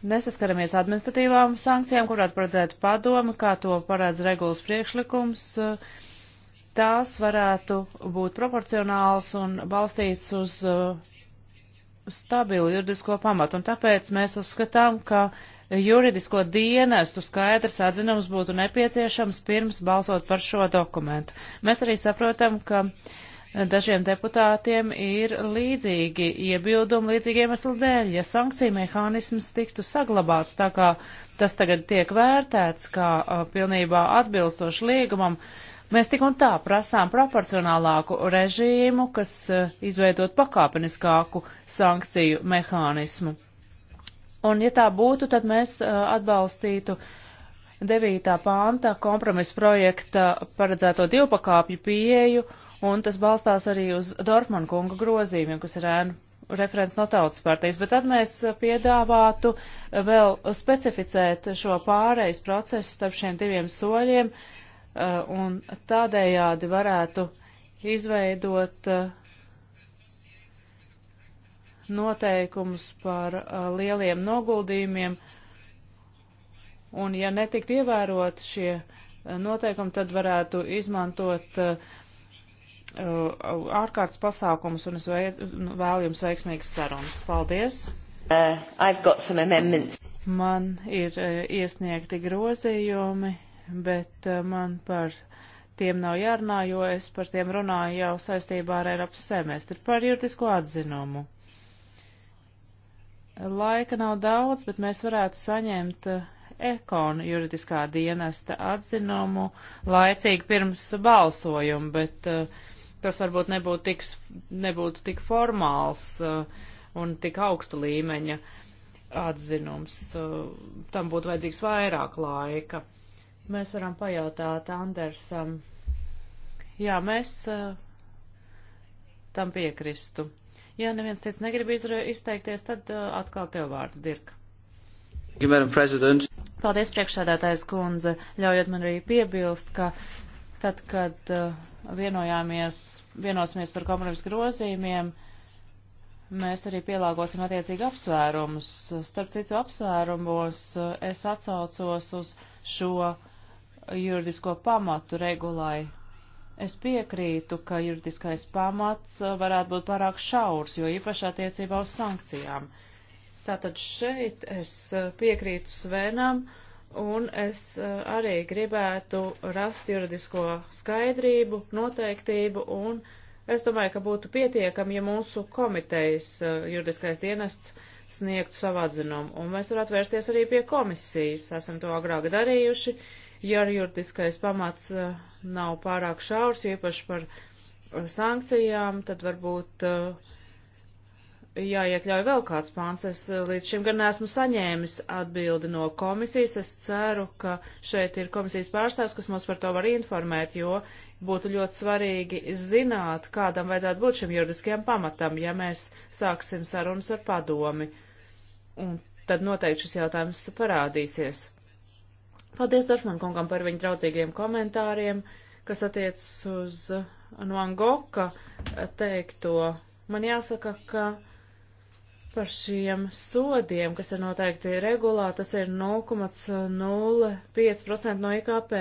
nesaskaramies administratīvām sankcijām, kurāt paredzēt padomi, kā to parādz regulas priekšlikums. Tās varētu būt proporcionāls un balstīts uz uh, stabilu juridisko pamatu, un tāpēc mēs uzskatām, ka juridisko dienestu skaidrs atzinums būtu nepieciešams pirms balsot par šo dokumentu. Mēs arī saprotam, ka uh, dažiem deputātiem ir līdzīgi iebildumi līdzīgi iemeslu dēļ, ja sankcija mehānisms tiktu saglabāts, tā kā tas tagad tiek vērtēts kā a, pilnībā atbilstoši līgumam, mēs tik un tā prasām proporcionālāku režīmu, kas a, izveidot pakāpeniskāku sankciju mehānismu. Un ja tā būtu, tad mēs a, atbalstītu 9. pānta kompromisa projekta paredzēto divpakāpju pieeju un tas balstās arī uz Dorfmanu kunga grozījumiem, kas ir ēnu referents no tautas partijas, bet tad mēs piedāvātu vēl specificēt šo pārejas procesu starp šiem diviem soļiem eh, un tādējādi varētu izveidot eh, noteikumus par eh, lieliem noguldījumiem, un ja netiktu ievērot šie noteikumi, tad varētu izmantot uh, Uh, ārkārtas pasākumus un es nu, vēlu jums veiksmīgas sarunas. Paldies! Uh, I've got some amendments. Man ir uh, iesniegti grozījumi, bet uh, man par tiem nav jārunā, jo es par tiem runāju jau saistībā ar Eiropas semestri par juridisko atzinumu. Laika nav daudz, bet mēs varētu saņemt uh, ekonu juridiskā dienesta atzinumu laicīgi pirms balsojuma, bet uh, tas varbūt nebūtu tik, nebūtu tik formāls uh, un tik augsta līmeņa atzinums. Uh, tam būtu vajadzīgs vairāk laika. Mēs varam pajautāt Andersam. Jā, mēs uh, tam piekristu. Ja neviens cits negrib izteikties, tad atkal tev vārds, Dirk. Paldies, priekšsēdētājs kundze. Ļaujiet man arī piebilst, ka tad, kad uh, vienojāmies, vienosimies par kompromisu grozījumiem, mēs arī pielāgosim attiecīgi apsvērumus. Starp citu apsvērumos eh, es atsaucos uz šo juridisko pamatu regulai. Es piekrītu, ka juridiskais pamats eh, varētu būt pārāk šaurs, jo īpaši attiecībā uz sankcijām. Tātad šeit es eh, piekrītu Svenam, uh, un es eh, arī gribētu rast juridisko skaidrību, noteiktību, un es domāju, ka būtu pietiekami, ja mūsu komitejas eh, juridiskais dienests sniegtu savu atzinumu, un mēs varētu vērsties arī pie komisijas, esam to agrāk darījuši, ja juridiskais pamats eh, nav pārāk šaurs, īpaši par sankcijām, tad varbūt uh, jāiekļauj vēl kāds pāns. Es eh, līdz šim gan neesmu saņēmis atbildi no komisijas. Es ceru, ka šeit ir komisijas pārstāvs, kas mums par to var informēt, jo būtu ļoti svarīgi zināt, kādam vajadzētu būt šim juridiskajam pamatam, ja mēs sāksim sarunas ar padomi. Un tad noteikti šis jautājums parādīsies. Paldies Dorfman kungam par viņu draudzīgiem komentāriem, kas attiec uz eh, Nuangoka eh, teikto. Man jāsaka, ka par šiem sodiem, kas ir noteikti regulā, tas ir 0,05% no IKP.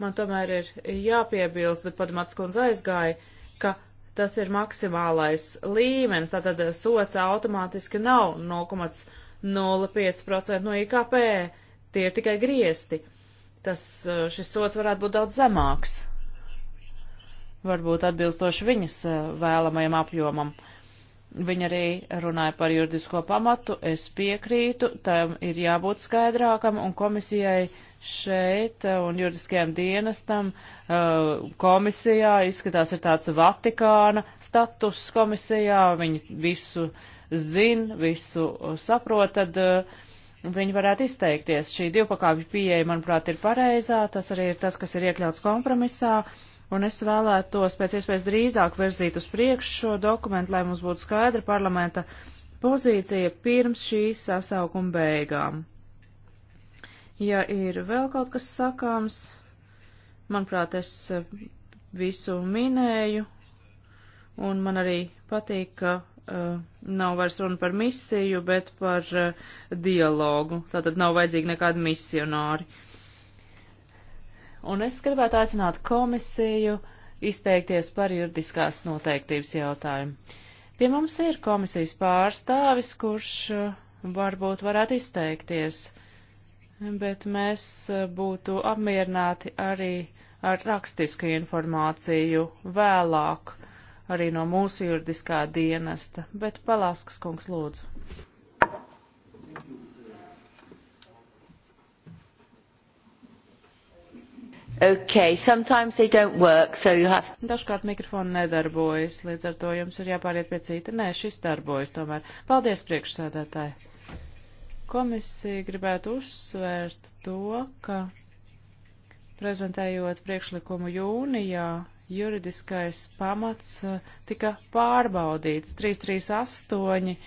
Man tomēr ir jāpiebilst, bet padomāts kundze aizgāja, ka tas ir maksimālais līmenis, tātad sots automātiski nav 0,05% no IKP, tie ir tikai griesti. Tas, šis sots varētu būt daudz zemāks, varbūt atbilstoši viņas eh, vēlamajam apjomam. Uh, Viņa arī runāja par juridisko pamatu, es piekrītu, tam ir jābūt skaidrākam, un komisijai šeit uh, un juridiskajam dienestam uh, komisijā izskatās ir tāds Vatikāna status komisijā, viņi visu zin, visu saprot, tad uh, viņi varētu izteikties. Šī divpakāpju pieeja, manuprāt, ir pareizā, tas arī ir tas, kas ir iekļauts kompromisā. Uh, un es vēlētos pēc iespējas drīzāk virzīt uz priekšu šo dokumentu, lai mums būtu skaidra parlamenta pozīcija pirms šīs sasaukuma beigām. Ja ir vēl kaut kas sakāms, manuprāt, es eh, visu minēju, un man arī patīk, ka uh, nav vairs runa par misiju, bet par uh, dialogu. Tātad nav vajadzīgi nekādi misionāri. Uh, Un es gribētu aicināt komisiju izteikties par juridiskās noteiktības jautājumu. Pie mums ir komisijas pārstāvis, kurš uh, varbūt varētu izteikties, bet mēs uh, būtu apmierināti arī ar rakstisku informāciju vēlāk, arī no mūsu juridiskā dienesta, bet Palaskas kungs lūdzu.
Okay, sometimes they don't work, so you have
to... Dažkārt mikrofoni nedarbojas, līdz ar to jums ir jāpāriet pie cita. Nē, šis darbojas tomēr. Paldies, priekšsēdētāji. Komisija gribētu uzsvērt to, ka prezentējot priekšlikumu jūnijā, juridiskais pamats eh, tika pārbaudīts. 338 eh,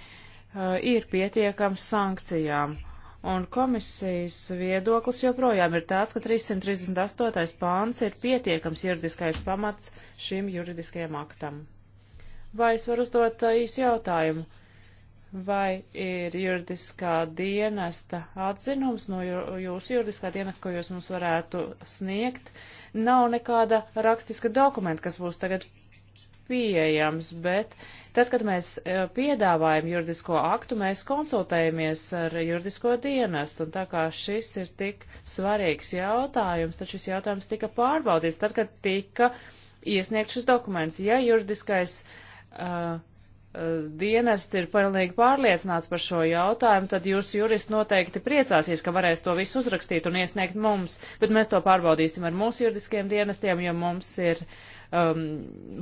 ir pietiekams sankcijām un komisijas viedoklis joprojām ir tāds, ka 338. pāns ir pietiekams juridiskais pamats šim juridiskajam aktam. Vai es varu uzdot uh, īsu jautājumu? Vai ir juridiskā dienesta atzinums no jūsu juridiskā dienesta, ko jūs mums varētu sniegt? Nav nekāda rakstiska dokumenta, kas būs tagad pieejams, bet Tad, kad mēs eh, piedāvājam juridisko aktu, mēs konsultējamies ar juridisko dienestu, un tā kā šis ir tik svarīgs jautājums, tad šis jautājums tika pārbaudīts, tad, kad tika iesniegts šis dokuments. Ja juridiskais uh, dienests ir pilnīgi pārliecināts par šo jautājumu, tad jūs jurists noteikti priecāsies, ka varēs to visu uzrakstīt un iesniegt mums, bet mēs to pārbaudīsim ar mūsu juridiskiem dienestiem, jo mums ir uh, um,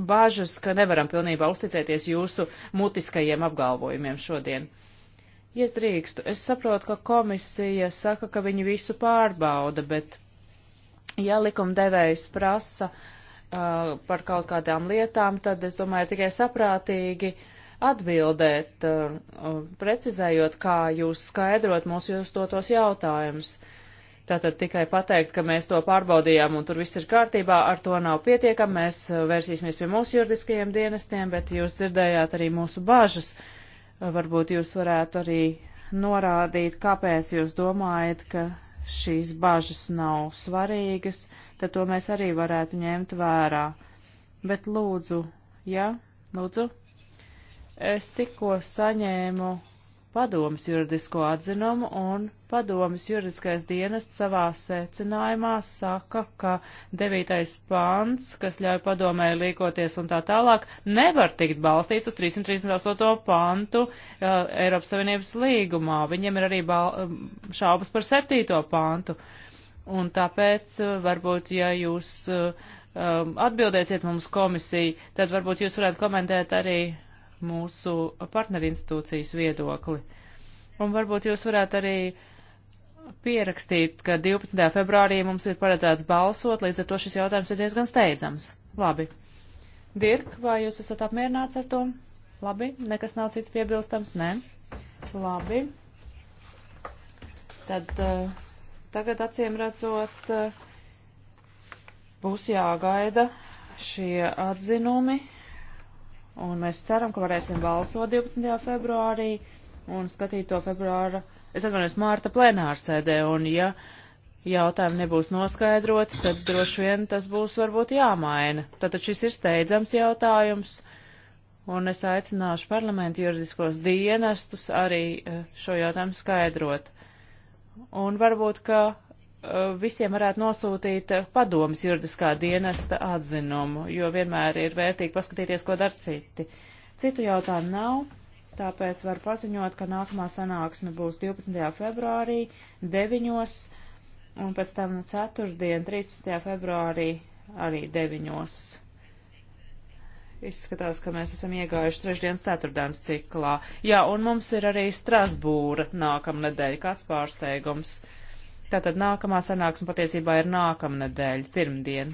bāžas, ka nevaram pilnībā uzticēties jūsu mutiskajiem apgalvojumiem šodien. Ja es drīkstu, es saprotu, ka komisija saka, ka viņi visu pārbauda, bet ja likumdevējs prasa uh, par kaut kādām lietām, tad es domāju, ir tikai saprātīgi uh, atbildēt, uh, precizējot, kā jūs skaidrot mūsu jūs dotos jautājumus. Tātad tikai pateikt, ka mēs to pārbaudījām un tur viss ir kārtībā, ar to nav pietiekami. Mēs uh, vērsīsimies pie mūsu juridiskajiem dienestiem, bet jūs dzirdējāt arī mūsu bāžas. Uh, varbūt jūs varētu arī norādīt, kāpēc jūs domājat, ka šīs bažas nav svarīgas, tad to mēs arī varētu ņemt vērā. Bet lūdzu, ja, lūdzu, es tikko saņēmu padomas juridisko atzinumu, un padomas juridiskais dienests savā secinājumā saka, ka devītais pants, kas ļauj padomē līkoties un tā tālāk, nevar tikt balstīts uz 338. pantu uh, Eiropas Savienības līgumā. Viņiem ir arī um, šaubas par septīto pantu. Un tāpēc uh, varbūt, ja jūs uh, um, atbildēsiet mums komisiju, tad varbūt jūs varētu komentēt arī mūsu partnerinstitūcijas viedokli. Un varbūt jūs varētu arī pierakstīt, ka 12. februārī mums ir paredzēts balsot, līdz ar to šis jautājums ir diezgan steidzams. Labi. Dirk, vai jūs esat apmierināts ar to? Labi, nekas nav cits piebilstams? Nē. Labi. Tad uh, tagad acīm redzot, uh, būs jāgaida šie atzinumi un mēs ceram, ka varēsim balsot 12. februārī un skatīt to februāra, es atvainojos, mārta plenārsēdē, un ja jautājumi nebūs noskaidroti, tad droši vien tas būs varbūt jāmaina. Tātad šis ir steidzams jautājums, un es aicināšu parlamentu juridiskos dienestus arī eh, šo jautājumu skaidrot. Un varbūt, ka Eh, visiem varētu nosūtīt padomas juridiskā dienesta atzinumu, jo vienmēr ir vērtīgi paskatīties, ko dar citi. Citu jautājumu nav, tāpēc var paziņot, ka nākamā sanāksme būs 12. februārī 9. un pēc tam ceturtdien 13. februārī arī 9. Izskatās, ka mēs esam iegājuši trešdienas ceturtdienas ciklā. Jā, un mums ir arī Strasbūra nākamnedēļ, kāds pārsteigums. Tātad nākamā sanāksme patiesībā ir nākamnedēļ, pirmdien.